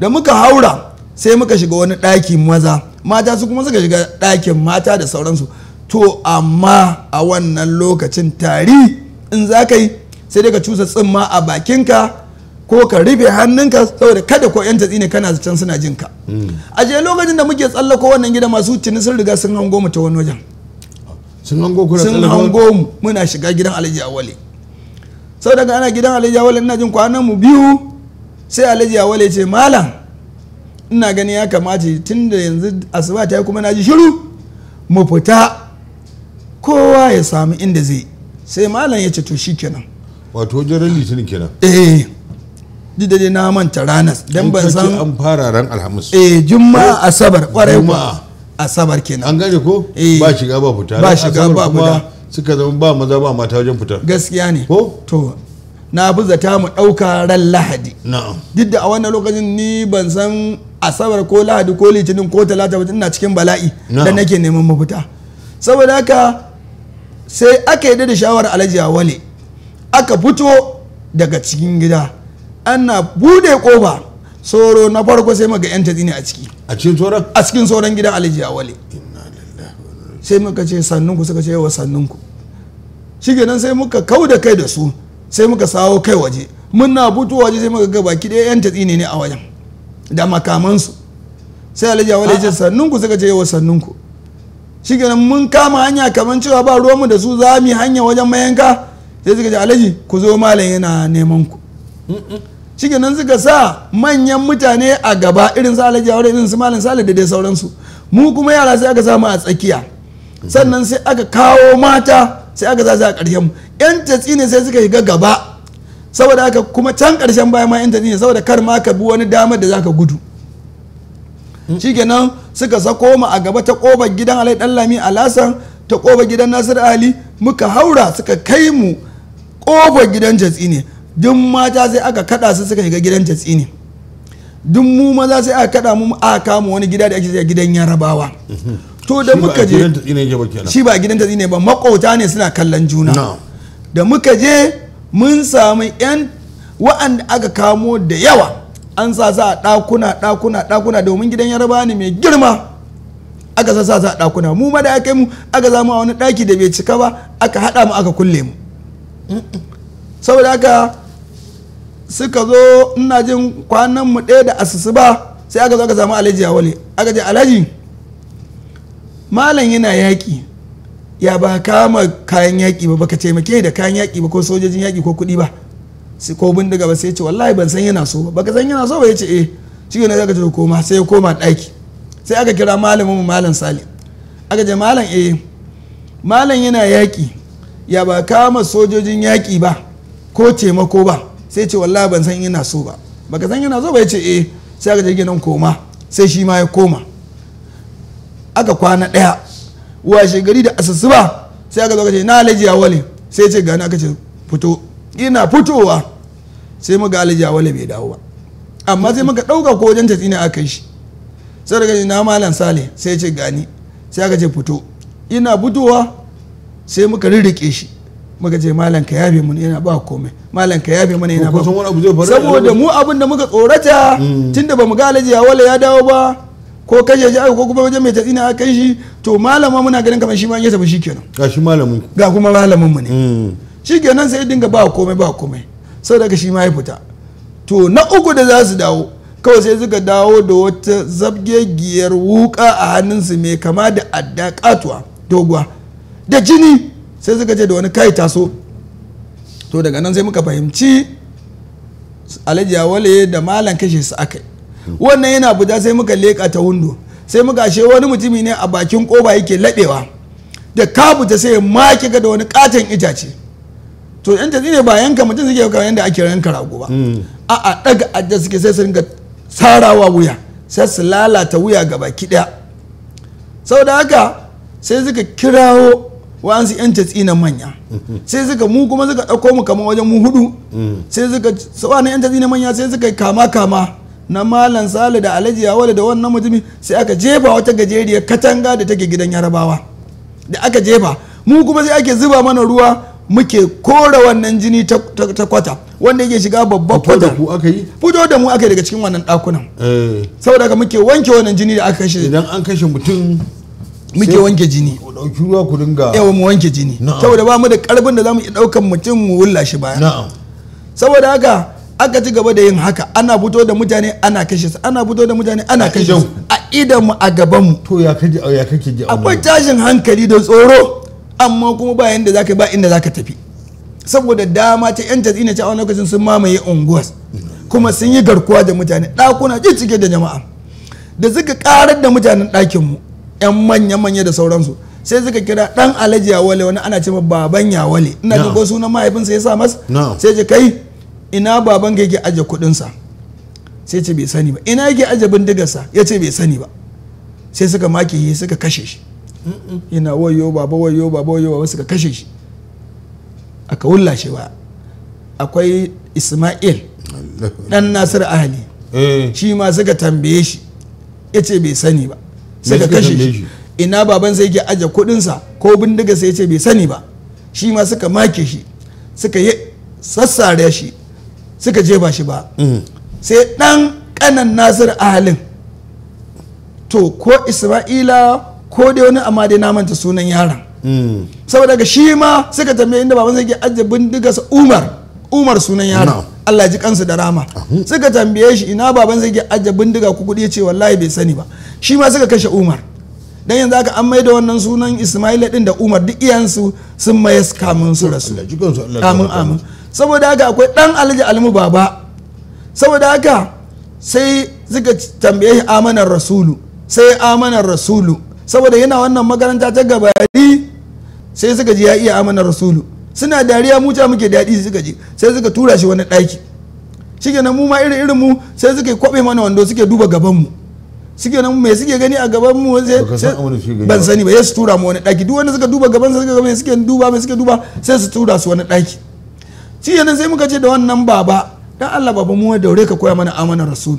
da muka haura sai muka shiga wani ɗaki maza mata su kuma suka shiga ɗakin mata da sauransu to amma a wannan lokacin tari in za ka yi sai daga ka cusa tsimma a bakinka ko ka rufe hannunka saboda kada ko yan tatsi ne kana can suna jin ka hmm. a je lokacin da muke tsallako wannan gida masu tuni sun riga sun hango mu ta wani wajen sun hango ku sun hango mu muna shiga gidan alhaji awale saboda ana gidan alhaji awale ina jin kwanan mu biyu sai alhaji awale ce malam ina gani ya kamata tun da yanzu asuba ta kuma na ji shiru mu fita kowa ya samu inda zai sai malam ya ce to shikenan wato wajen litinin kenan eh dida dai na manta ranar dan ban san an fara ran alhamis eh juma'a eh, asabar kwarai ma asabar kenan an gane ko eh. ba shiga ba fita ba shiga ba fita suka zama ba maza ba mata wajen fita. gaskiya ne ko to na buza ta mu ɗauka ran lahadi duk da a wannan lokacin ni ban san asabar ko lahadi ko litinin ko talata ba ina cikin bala'i da nake neman mafita saboda haka sai aka yi da shawarar alhaji wale aka fito daga cikin gida ana bude kofa soro na farko sai maga yan tazini a ciki a cikin tsoron a cikin tsoron gidan alhaji awale sai muka ce sannunku suka ce yawa sannunku shikenan sai muka kau da kai da su sai muka sawo kai waje mun na fito waje sai muka ga baki ɗaya yan tazini ne a wajen da makamansu sai alhaji awale ya ce sannunku suka ce yawa sannunku shikenan mun kama hanya kamar cewa ba ruwanmu da su za mu hanya wajen mayanka sai suka ce alhaji ku zo malam yana neman ku shi nan suka sa manyan mutane a gaba irin su alhaji aure irin su malam sale da dai sauransu mu kuma yara sai aka samu a tsakiya sannan sai aka kawo mata sai aka zasu a ƙarshen mu yan tatsi ne sai suka shiga gaba saboda haka kuma can ƙarshen baya ma yan tatsi ne saboda kar ma ka bi wani damar da zaka gudu shikenan suka sako mu a gaba ta kofar gidan alai dallami alasan ta kofar gidan nasir ali muka haura suka kai mu kofar gidan jatsi ne duk mata sai aka kada su suka shiga gidan tatsini duk mu maza sai aka kada mu a kama wani gida da ake sai gidan yarabawa to da muka je shi ba gidan tatsini ba makauta ne suna kallon juna da muka je mun samu yan wa'anda aka kamo da yawa an sa sa a ɗakuna ɗakuna ɗakuna domin gidan yarabawa ne mai girma aka sa sa a ɗakuna mu ma da aka yi mu aka zama a wani ɗaki da bai cika ba aka haɗa mu aka kulle mu saboda haka suka zo ina jin kwanan mu ɗaya da asusu ba sai aka zo aka samu alhaji a wale aka ce alhaji malam yana yaƙi ya ba kama kayan yaƙi ba baka taimake da kayan yaƙi ba ko sojojin yaƙi ko kuɗi ba sai ko bindiga ba sai ce wallahi ban san yana so ba baka san yana so ba ya ce eh shi ne zaka ce koma sai ya koma ɗaki sai aka kira malamin mu malam sale aka ce malam eh malam yana yaƙi ya ba kama sojojin yaƙi ba ko taimako ba sai ce wallahi ban san ina so ba baka san ina so ba ya ce eh sai aka je nan koma sai shi ma ya koma aka kwana ɗaya washe gari da asusuba sai aka zo ka ce na alhaji ya wale sai ce gani aka ce fito ina fitowa sai muga alhaji ya wale bai dawo ba amma sai muka ɗauka ko wajen tatsi ne aka yi shi sai daga na malam sale sai ce gani sai aka ce fito ina fitowa sai muka rirrike shi muka ce malam ka yabe mun yana ba komai malam ka yabe mana yana ba saboda mu abin da muka tsorata mm. tunda bamu ga alaji ya wala ya dawo ba ko kashe ji ko kuma wajen mai tatsina a kan shi to malama muna ganin kamar shi ma ya tafi shikenan ga shi malamin ga kuma malamin mu ne mm. shikenan sai dinga ba komai ba komai saboda shi ma ya fita to na uku da za su dawo kawai sai suka dawo da wata zabgegiyar wuka a hannunsu mai kama da adda katuwa doguwa da jini sai suka ce da wani kai taso to daga nan sai muka fahimci alajiya wale da malam kashe su aka wannan yana buja sai muka leƙa ta hundu sai muka ashe wani mutumi ne a bakin koba yake laɓewa da ka buta sai ma ga da wani katon itace to yan ta ne ba yanka mutum suke kamar yanda ake yanka rago ba hmm. a'a daga adda suke sai su ringa sarawa wuya sai su lalata wuya gaba baki daya sau da haka sai suka kirawo wa'ansu 'yan tatsinan manya sai suka mu kuma suka ɗauko mu kama wajen mu hudu sai suka wa'annan 'yan tatsinan manya sai suka kama kama na malam sale da alhaji yawale da wannan mutumin sai aka jefa wata gajeriyar katanga da take gidan yarabawa da aka jefa mu kuma sai ake zuba mana ruwa muke kora wannan jini ta kwata wanda yake shiga babban kwata fito da mu aka yi daga cikin wannan dakunan eh. saboda haka muke wanke wannan jini da aka kashe idan an kashe mutum muke wanke jini dauki ruwa ku dinga yawa mu wanke jini saboda ba mu da karfin da zamu iya daukan mutum mu wulla shi baya saboda haka aka ci gaba da yin haka ana fito da mutane ana kashe su ana fito da mutane ana kashe su a idan mu a gaban mu to ya kaje ya kake ji akwai tashin hankali da tsoro amma kuma ba yanda zaka ba inda zaka tafi saboda dama ta yan tazina ta a lokacin sun mamaye unguwas kuma sun yi garkuwa da mutane ɗakuna ji cike da jama'a da suka karar da mutanen ɗakin mu yan manya-manya da sauransu sai suka kira dan alhaji yawale wani ana cewa baban yawale ina ga ko sunan mahaifinsa ya sa masa sai ce kai ina baban ka yake aje kuɗinsa sai ce bai sani ba ina yake aje bindigarsa ya ce bai sani ba sai suka make shi suka kashe shi ina wayo baba wayo baba wayo baba suka kashe shi aka wulla shi ba akwai ismail dan nasir ahali eh. shi ma suka tambaye shi ya ce bai sani ba sai kashe shi ina baban sai ke aje kudinsa ko bindiga sai ce bai sani ba shi ma suka make shi suka yi sassare shi suka jefa shi ba mm. sai dan kanan nasir ahalin to ko isma'ila ko da wani amma dai na manta sunan yaron mm. saboda ga shi ma suka tambaye inda baban sai ke aje bindiga sa umar umar sunan yaron Allah ji kansu da rama suka tambaye shi ina baban zai ke ajja bindiga ku kudi ce wallahi bai sani ba shi ma suka kashe Umar dan yanzu aka an maida wannan sunan Ismaila din da Umar duk iyansu sun maye kamun su rasu amin amin saboda haka akwai dan alji Almu baba saboda haka sai suka tambaye amanar rasulu sai amanar rasulu saboda yana wannan makaranta ta gabari sai suka ji ya iya amanar rasulu suna dariya mu muke daɗi suka je sai suka tura shi wani ɗaki shikenan mu ma irin irin mu sai suka kwabe mana wando suke duba gaban mu suke nan mai suke gani a gaban mu ban sani ba su tura mu wani daki duk wanda suka duba gaban su suka gaban suke duba mai suke duba sai su tura su wani daki shi yana sai muka ce da wannan baba dan Allah baba mu daure ka koya mana amana rasul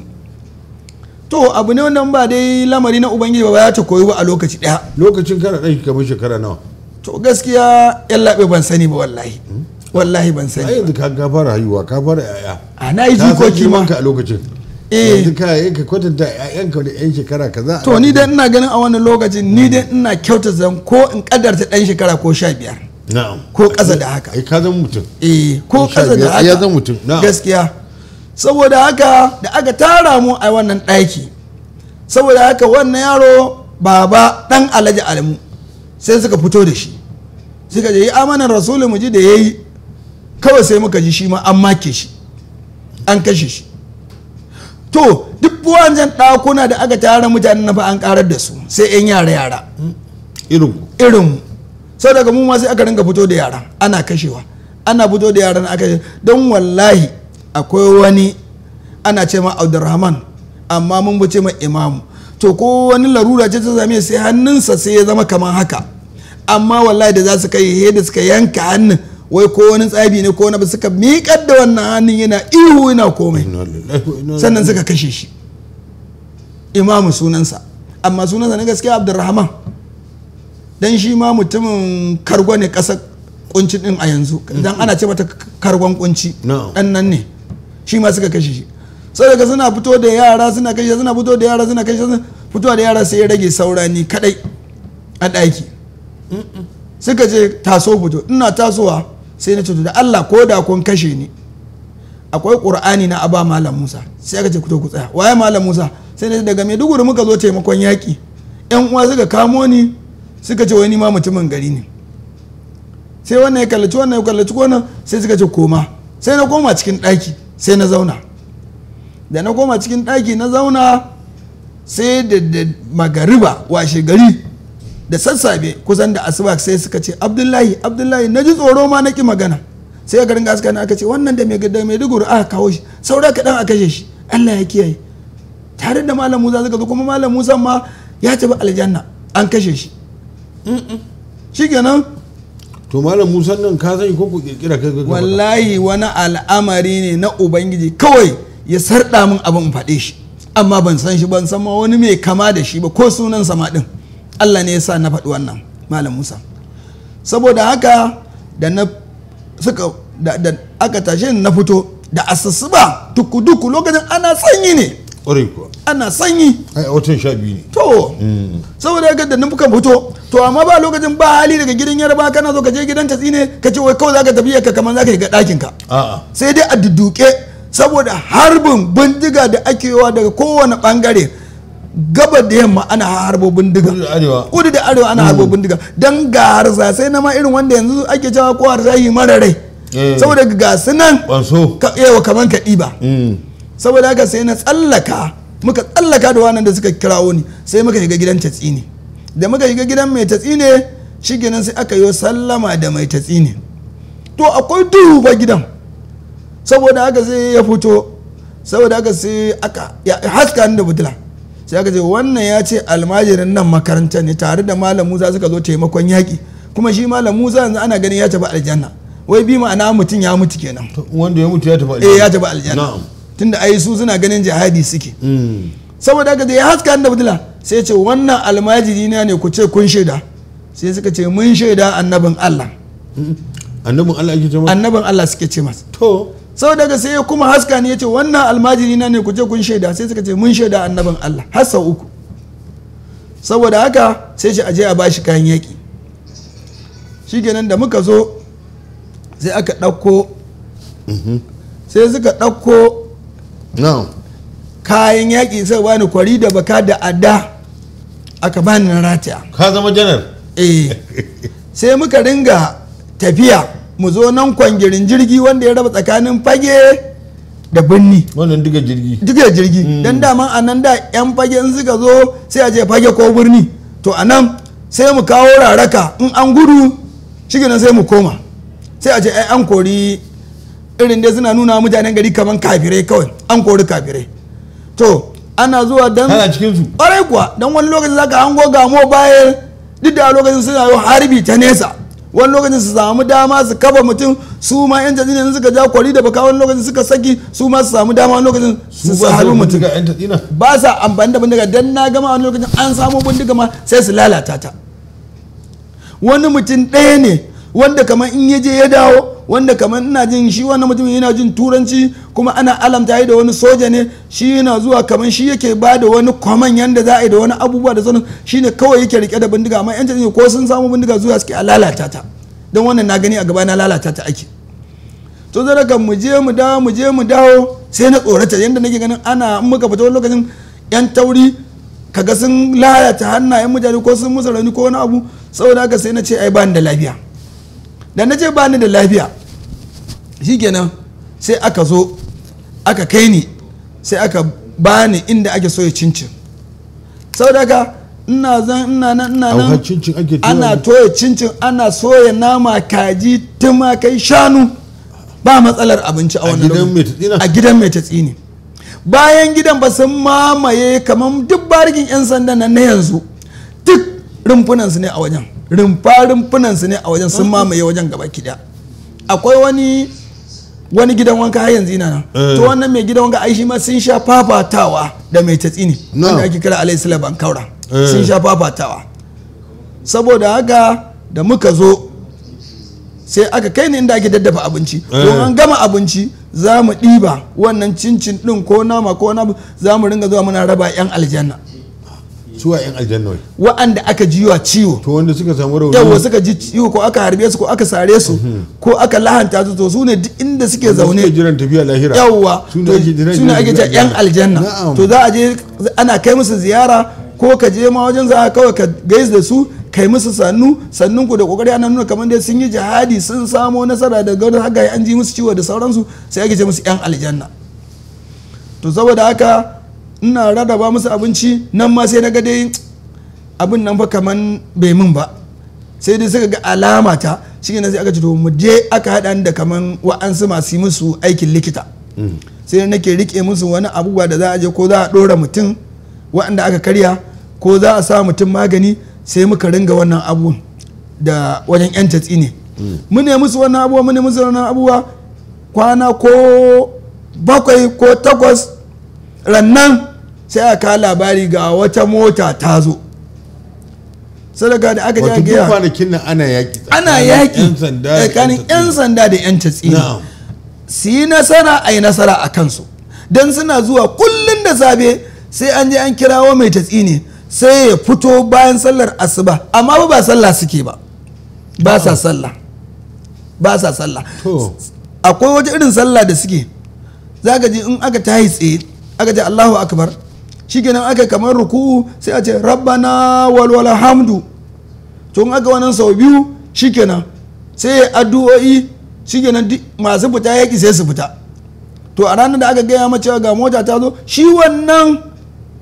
to abu ne wannan ba dai lamari na ubangiji ba ya ta koyi ba a lokaci daya lokacin kana daki kamar shekara nawa to gaskiya yan laɓe ban sani ba wallahi hmm? wallahi ban sani yanzu ka fara hayuwa ka fara yaya a na yi jikoki ma a lokacin eh ka yanka kwatanta ka da yan shekara kaza to ni dai ina ganin a wannan lokacin ni dai hmm. ina kyauta zan ko in kadarta dan shekara ko sha biyar ko ƙasa da haka ai eh, ka zan mutum eh ko ƙasa da haka ya zan mutum gaskiya saboda haka da aka tara mu a wannan daki saboda haka wannan yaro baba dan alhaji alamu sai suka fito da shi suka je yi amanan rasulun mu ji da ya yi kawai sai muka ji shi ma an make shi an kashe shi to duk wancan ɗakuna da aka tara mutane na fa an karar da su sai 'yan yara yara irin sau daga mu ma sai aka ringa fito da yara ana kashewa ana fito da yaran aka don wallahi akwai wani ana ce ma abdurrahman amma mun buce ma imamu to ko wani larura ce ta zame sai hannunsa sai ya zama kamar haka amma wallahi da za su kai he da suka yanka hannun wai ko wani tsabi ne ko wani suka miƙar da wannan hannun yana ihu yana komai sannan suka kashe shi imamu sunansa amma sunansa na gaskiya abdurrahman dan shi ma mutumin kargo ne ƙasar kunci din a yanzu dan ana ce mata kargon kunci dan nan ne shi ma suka kashe shi sai daga suna fito da yara suna kashe suna fito da yara suna kashe suna fito da yara sai ya rage saurani kadai a ɗaki suka ce taso fito ina tasowa sai na cutu da allah ko da kun kashe ni akwai qur'ani na aba malam musa sai aka ce ku ku tsaya waye malam musa sai na daga maiduguri muka zo taimakon yaƙi yan uwa suka kamo ni suka ce wani ma mutumin gari ne sai wannan ya kallaci wannan ya kallaci wannan sai suka ce koma sai na koma cikin ɗaki sai na zauna da na koma cikin ɗaki na zauna sai da magariba washe gari da sassabe kusan da asuba sai suka ce abdullahi abdullahi na ji tsoro ma na ki magana sai garin gaskiya na aka ce wannan da mai da mai duguru aka kawo shi saura kaɗan a kashe shi allah ya kiyaye tare da malam musa suka zo kuma malam musa ma ya tafi aljanna an kashe shi shi kenan to malam musa nan ka sani ko ku kirkira kai wallahi wani al'amari ne na ubangiji kawai ya sarɗa min abin faɗe shi amma ban san shi ban san ma wani mai kama da shi ba ko sunan sama din allah ne ya sa na faɗi wannan malam musa saboda haka da na suka da, da aka tashe na fito da asusuba tukuduku duku lokacin ana sanyi ne ana sanyi a watan sha biyu ne to mm. saboda haka da na muka fito to amma ba lokacin ba hali daga gidan yarba kana zo ka je gidan tatsi ne ka ce wai kawai zaka tafi ka kamar zaka yi ga ɗakin ka sai dai a duduke saboda harbin bindiga da ake yawa daga kowane bangare gaba da yamma ana harbo bindiga kudu da arewa ana harbo hmm. bindiga don ga sai na ma irin wanda yanzu ake cewa ko harsashi mara rai eh. saboda ga su nan yawa kaman ka ɗiba hmm. saboda haka sai na tsallaka muka tsallaka da wannan da suka kirawo ni sai muka shiga gidan tatsi da muka shiga gidan mai tatsi ne shi ginin sai aka yi sallama da mai tatsi ne to akwai duhu ba gidan saboda haka sai ya fito saboda haka sai aka haska da budula sai aka ce wannan ya ce almajirin nan makarantar ne tare da malam musa suka zo taimakon yaƙi kuma shi malam musa yanzu ana ganin ya tafi aljanna wai bi ma'ana mutum ya mutu kenan wanda ya mutu ya tafi aljanna eh ya tafi aljanna tunda ai su suna ganin jihadi suke mm. saboda haka ya haska da budula sai ce wannan almajiri na ne ku ce kun shaida sai suka ce mun shaida annabin Allah annabin Allah ake ce annabin Allah suke ce masa to sau daga sai ya kuma haska ne ya ce wannan almajiri na ne kuje kun shaida sai suka ce mun shaida annaban Allah har sau uku saboda haka sai shi aje a bashi kayan yaƙi kenan da muka zo sai aka ɗauko sai suka ɗauko kayan yaƙi sai bani kwari da baka da ada aka bani na ratiya ka zama janar eh sai muka ringa tafiya mu zo nan kwangirin jirgi wanda ya raba tsakanin fage da birni wannan duka jirgi duka jirgi hmm. dan dama a nan da yan fage in suka zo sai a je fage ko birni to a nan sai mu kawo raraka in an gudu shi sai mu koma sai a ce ai an kori irin dai suna nuna mutanen gari kaman kafirai kawai an kori kafirai to ana zuwa dan ana cikin su kwarai kuwa dan wani lokacin zaka hango gamo bayan duk da lokacin suna yau harbi ta nesa wani lokacin su samu dama su kaba mutum su ma yan jadina ne suka ja kwari da baka wani lokacin suka saki su ma su samu dama wani lokacin su sahalu mutum ba sa amfani da bindiga dan na gama wani lokacin an samu bindiga ma sai su lalata ta wani mutum ɗaya ne wanda kamar in yaje ya dawo wanda kamar ina jin shi wannan mutumin yana jin turanci kuma ana alamta yi da wani soja ne shi yana zuwa kamar shi yake ba da wani kwaman yanda za a yi da wani abubuwa da sanin shi ne kawai yake rike da bindiga amma yan ko sun samu bindiga zuwa suke a lalata ta don wannan na gani a gaba na lalata ta ake to zara mu je mu dawo mu je mu dawo sai na tsorata yanda nake ganin ana in muka fita wani lokacin yan tauri kaga sun lalata hannayen mutane ko sun musu rauni ko wani abu saboda haka sai na ce ai ba ni da lafiya da na je bani da lafiya shikenan sai aka zo aka kai ni sai aka bani inda ake soya cincin sau haka ina zan ina nan ina nan ana toya cincin ana soya nama kaji tumakai shanu ba matsalar abinci a wannan a gidan mai tatsini bayan gidan ba sun mamaye kamar duk barikin 'yan sanda na yanzu duk rumfunan su ne a wajen rumfa rumfunan su ne a wajen sun mamaye wajen gaba kida akwai wani wani gidan wanka har yanzu ina nan eh. to wannan mai gidan wanka ai shi ma sun sha fafatawa da mai tatsi ne wanda ake kira alayhi sallam kaura eh. sun sha fafatawa saboda haka da muka zo sai aka kai ni inda ake daddafa abinci don eh. an gama abinci za mu ɗiba wannan cincin ɗin ko nama ko nama za mu ringa zuwa muna raba 'yan aljanna suwa yan aljanna wai wa'anda aka jiwa ciwo to wanda suka samu rauni yawa suka ji ciwo ko aka harbe su ko aka sare su mhm. ko aka lahanta su to su ne duk inda suke zaune suke jiran tafiya lahira yawa su ne ake jiran yan aljanna to za a je ana kai musu ziyara ko ka je ma wajen za a kawai ka gaisa da su kai musu sannu sannun ku da kokari ana nuna kamar dai sun yi jihadi sun samo nasara da gaurin haka an ji musu ciwo da sauransu sai ake ce musu yan aljanna to saboda haka ina rada ba musu abinci nan ma sai na ga dai abin nan fa kaman bai min ba sai dai suka ga alama ta shi ne sai aka ji to mu je aka haɗa da kaman wa'ansu masu musu aikin likita mm. sai nake rike musu wani abubuwa da za a je ko za a ɗora mutum wa'anda aka karya ko za a sa mutum magani sai muka ringa wannan abubuwan da wajen yan tatsi ne mm. mu ne musu wannan abubuwa mu ne musu wannan abubuwa kwana ko bakwai ko takwas rannan sai a ka labari ga wata mota ta zo sadaka da aka jage ya kwanakin nan ana yaki ana yaki tsakanin yan sanda da yan tatsina su yi nasara a yi nasara a kansu don suna zuwa kullum da safe sai an je an kirawo mai tatsine sai ya fito bayan sallar asuba amma ba ba sallah suke ba ba sa sallah ba sa sallah akwai wata irin sallah da suke zaka ji in aka tahi tsaye aka ce Allahu akbar shikenan aka kamar ruku sai a ce rabbana walwala hamdu to in aka wannan sau biyu shikenan sai ya addu'o'i shikenan masu fita yaki sai su fita to a ranar da aka gaya ma cewa ga mota ta zo shi wannan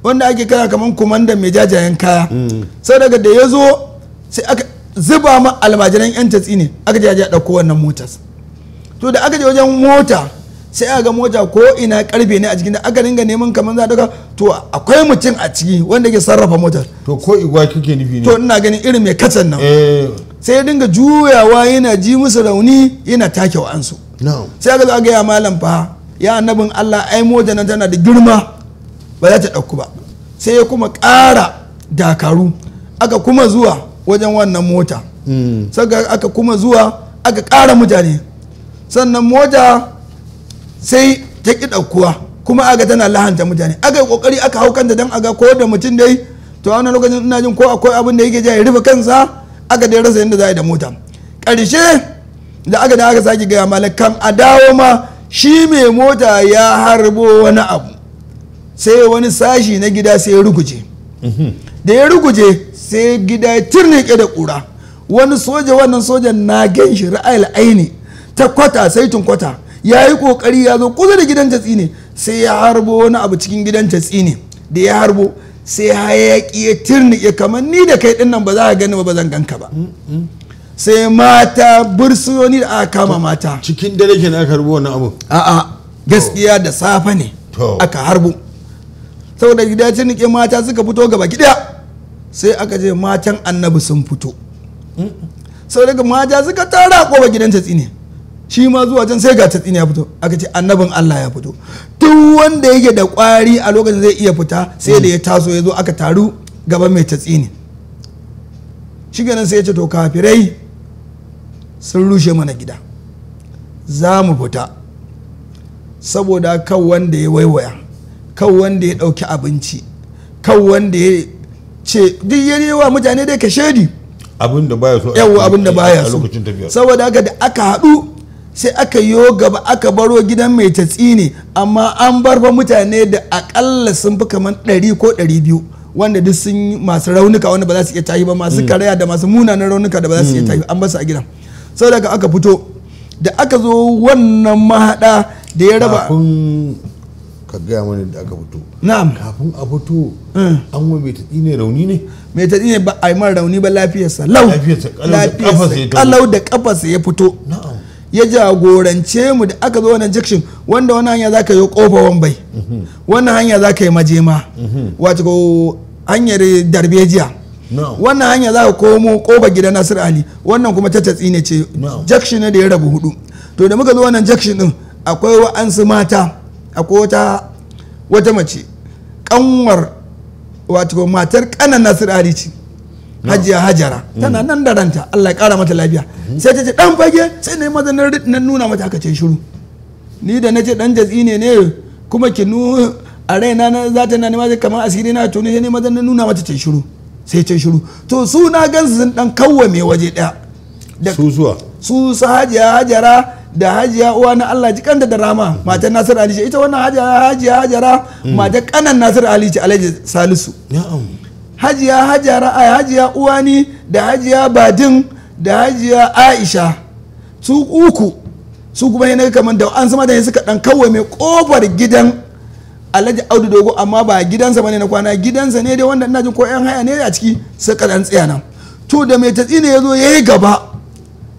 wanda ake kira kamar kumandan mai jajayen kaya mm. sai daga da ya zo sai aka zuba ma almajiran yan tatsi ne aka je a ɗauko wannan motas to da aka je wajen mota sai a ga mota ko ina karfe ne a cikin da aka dinga neman kamar za daga to akwai mutum a ciki wanda ke sarrafa motar to ko igwa kike nufi ne to ina ganin irin mai kacan nan eh. sai ya dinga juyawa yana ji musu rauni yana take wa ansu sai aka zo ga ya malam fa ya annabin Allah ai moja nan tana da girma ba za ta dauku ba sai ya kuma ƙara dakaru aka kuma zuwa wajen wannan mota mm. saka aka kuma zuwa aka ƙara mutane sannan mota sai ta ki ɗaukuwa kuma aga tana lahanta mutane aga yi kokari aka hau kanta dan aga ko da mutum dai to a wani lokacin ina jin ko akwai abin da yake ja ya rufe kansa aka dai rasa yadda za a yi da mota ƙarshe da aka da aka sake gaya malakan a dawo ma shi mai mota ya harbo wani abu sai wani sashi na gida sai ya ruguje mhm. da ya ruguje sai gida ya tirnike da kura wani soja wannan sojan na gan shi ra'ayil aini ta kwata sai tun kwata ya yi kokari ya zo kusa da gidan tatsi ne sai ya harbo wani abu cikin gidan tatsi ne da ya harbo sai hayaki ya ya kamar ni da kai nan ba za ka gani ba ba zan ganka ba mm, mm. sai mata bursoni da aka kama mata cikin dare kenan aka harbo wani abu a'a gaskiya da safe ne aka harbo saboda gida nike mata suka fito gaba gida sai aka je matan annabi sun fito mm, sau daga mata suka tara kowa gidan tatsi ne shi ma zuwa can sai ga tatsi ya fito aka ce annabin Allah ya fito duk wanda yake da kwari a lokacin zai iya fita sai da ya taso ya zo aka taru gaban mai tatsini ne shi ganin sai ya ce to kafirai sun rushe mana gida za mu fita saboda kan wanda ya waiwaya kan wanda ya ɗauki abinci kan wanda ya ce duk ya yi wa mutane dai ka shaidi abin da baya so yawo abin da baya so saboda haka da aka haɗu sai aka yi gaba aka baro gidan mai tatsi ne amma an bar fa mutane da akalla sun fi kamar ɗari ko ɗari biyu wanda duk sun yi masu raunuka wanda ba za su iya tahi ba masu mm. karaya da masu munanan raunuka da ba za su iya mm. tahi an basu a gidan sau daga aka fito da aka zo wannan mahaɗa da ya raba ka gaya mani da aka fito na'am kafin a fito mm. an wa mai taɗi ne rauni ne mai taɗi ne ba a yi man rauni ba lafiyarsa lau lafiyarsa kalau da kafarsa ya fito na'am ya jagorance mu da aka zo wannan jakshin wanda wannan hanya za ka yi kofa wambai wannan hanya za ka yi majema wato hanyar darbejiya wannan hanya za ka komo kofa gidan nasir ali wannan kuma ta tatsi ne ce ne da ya rabu hudu to da muka zo wannan jakshin din akwai wa'ansu mata akwai wata wata mace kanwar wato matar kanan nasir ali ce hajiya hajara mm. tana nan da ranta Allah ya kara mata lafiya mm-hmm. sai ta ce dan fage sai na yi maza na nuna mata aka ce shiru ni da na ce dan jaz'i ne ne kuma ki nu a raina na za ta na nema zai kamar asiri na tuni sai ne maza na nuna mata ce shiru sai ce shiru to su na gansu sun dan kawwame waje daya su zuwa su su hajiya hajara da hajiya uwa na Allah ji kanta da rama mm-hmm. matan Nasir Ali ita wannan hajiya hajiya hajara mm. matan kanan Nasir Ali ce Alhaji Salisu hajiya hajara a hajiya uwani da hajiya badin da hajiya aisha su uku su kuma yana kamar da an sama da suka dan kawai mai kofar gidan alhaji audu dogo amma ba gidansa bane na kwana gidansa ne dai wanda ina jin ko yan haya ne a ciki suka dan tsaya nan to da mai tatsi ne ya zo ya yi gaba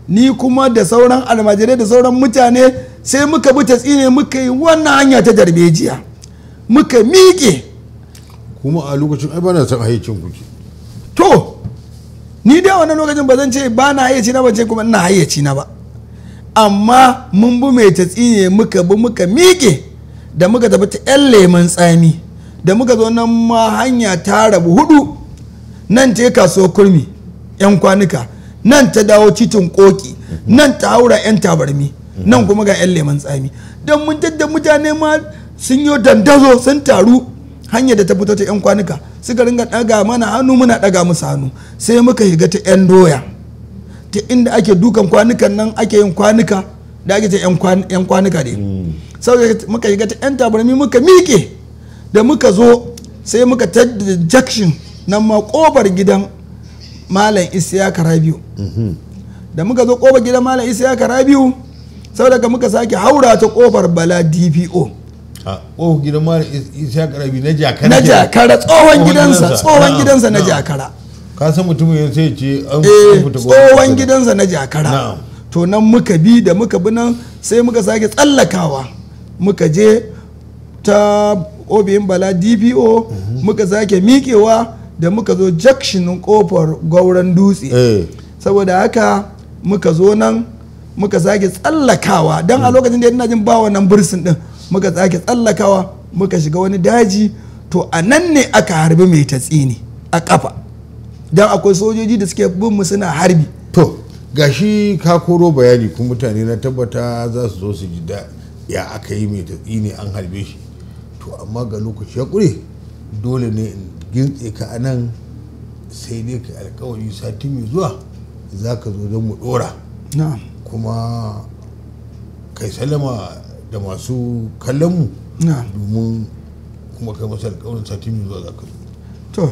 ni kuma da sauran almajirai da sauran mutane sai muka bi tatsi ne muka yi wannan hanya ta darbejiya muka miƙe kuma a lokacin ai bana san hayyacin kuke to ni dai wannan lokacin ba zan ce ba na hayyaci na ba ce kuma ina hayyaci na ba amma mun bi mai ta tsine muka bi muka miƙe da muka tafi ta yan leman tsami da muka zo nan ma hanya ta rabu hudu nan ta kasuwar kurmi yan kwanuka nan ta dawo titin koki nan ta haura yan tabarmi nan kuma ga yan leman tsami don mun da mutane ma sun yi dandazo sun taru Hanya da ta fito ta yan kwanuka suka ringa daga mana hannu muna daga musu hannu sai muka higa ta yan doya ta inda ake dukan kwanukan nan ake yin kwanuka da ake ta yan kwanuka ne sai muka higa ta yan tabarami muka miƙe da muka zo sai muka ta jakshin nan ma kofar gidan malam isiyaka rabiu da muka zo kofar gidan malam isiyaka rabiu sau daga muka sake haura ta kofar bala dpo tsohon ah, gidan mara isa karabi na jakara na jakara tsohon gidansa tsohon gidansa na jakara ka san mutumin ya sai ce an eh, fita tsohon gidansa na jakara to nan muka bi da muka bi nan sai muka sake tsallakawa muka je ta obin bala dpo mhm. muka sake miƙewa da muka zo jakshinin kofar gauran dutse eh. saboda haka muka zo nan muka sake tsallakawa don a mm. lokacin da na jin bawa nan bursin din muka tsake tsallakawa muka shiga wani daji to a nan ne aka harbi mai ta tsini a kafa don akwai sojoji da suke bin mu suna harbi to gashi ka koro bayani kuma mutane na tabbata za su zo su ji da ya aka yi mai tsini an harbe shi to amma ga lokaci ya kure dole ne in gintse ka a nan sai dai ka alkawari sati mai zuwa za ka zo don mu dora kuma kai salama da masu kallon mu domin kuma kai masu alƙawarin sati mai zuwa za ka zo to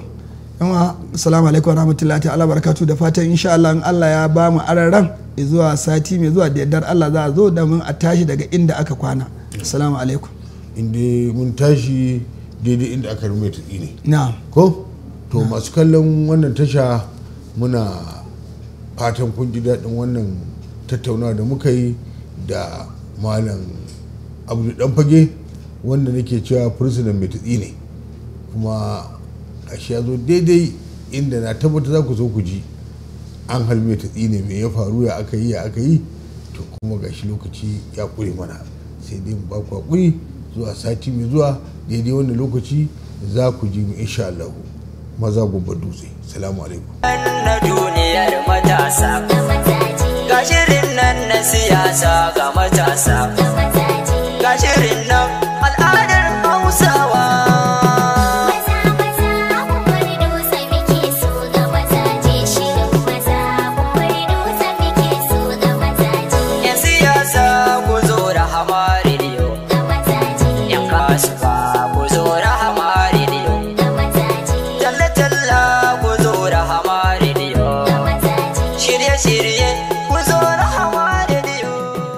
yawa salamu alaikum wa rahmatullahi ta'ala barakatu da fatan insha Allah in Allah ya ba mu araran zuwa sati mai zuwa da dar Allah za a zo da mun a tashi daga inda aka kwana salamu alaikum inda mun tashi daidai inda aka rume ta ne na ko to masu kallon wannan tasha muna fatan kun ji daɗin wannan tattaunawa da muka yi da malam abu dan fage wanda nake cewa fursunan mai tutsi ne kuma ashe ya zo daidai inda na tabbata za ku zo ku ji an halme ta ne mai ya faru ya aka yi ya aka yi to kuma gashi lokaci ya kure mana sai dai mu ba ku hakuri zuwa sati mai zuwa daidai wannan lokaci za ku ji mu insha Allah maza gobe dutse salamu alaikum na duniyar matasa ga nan na siyasa ga matasa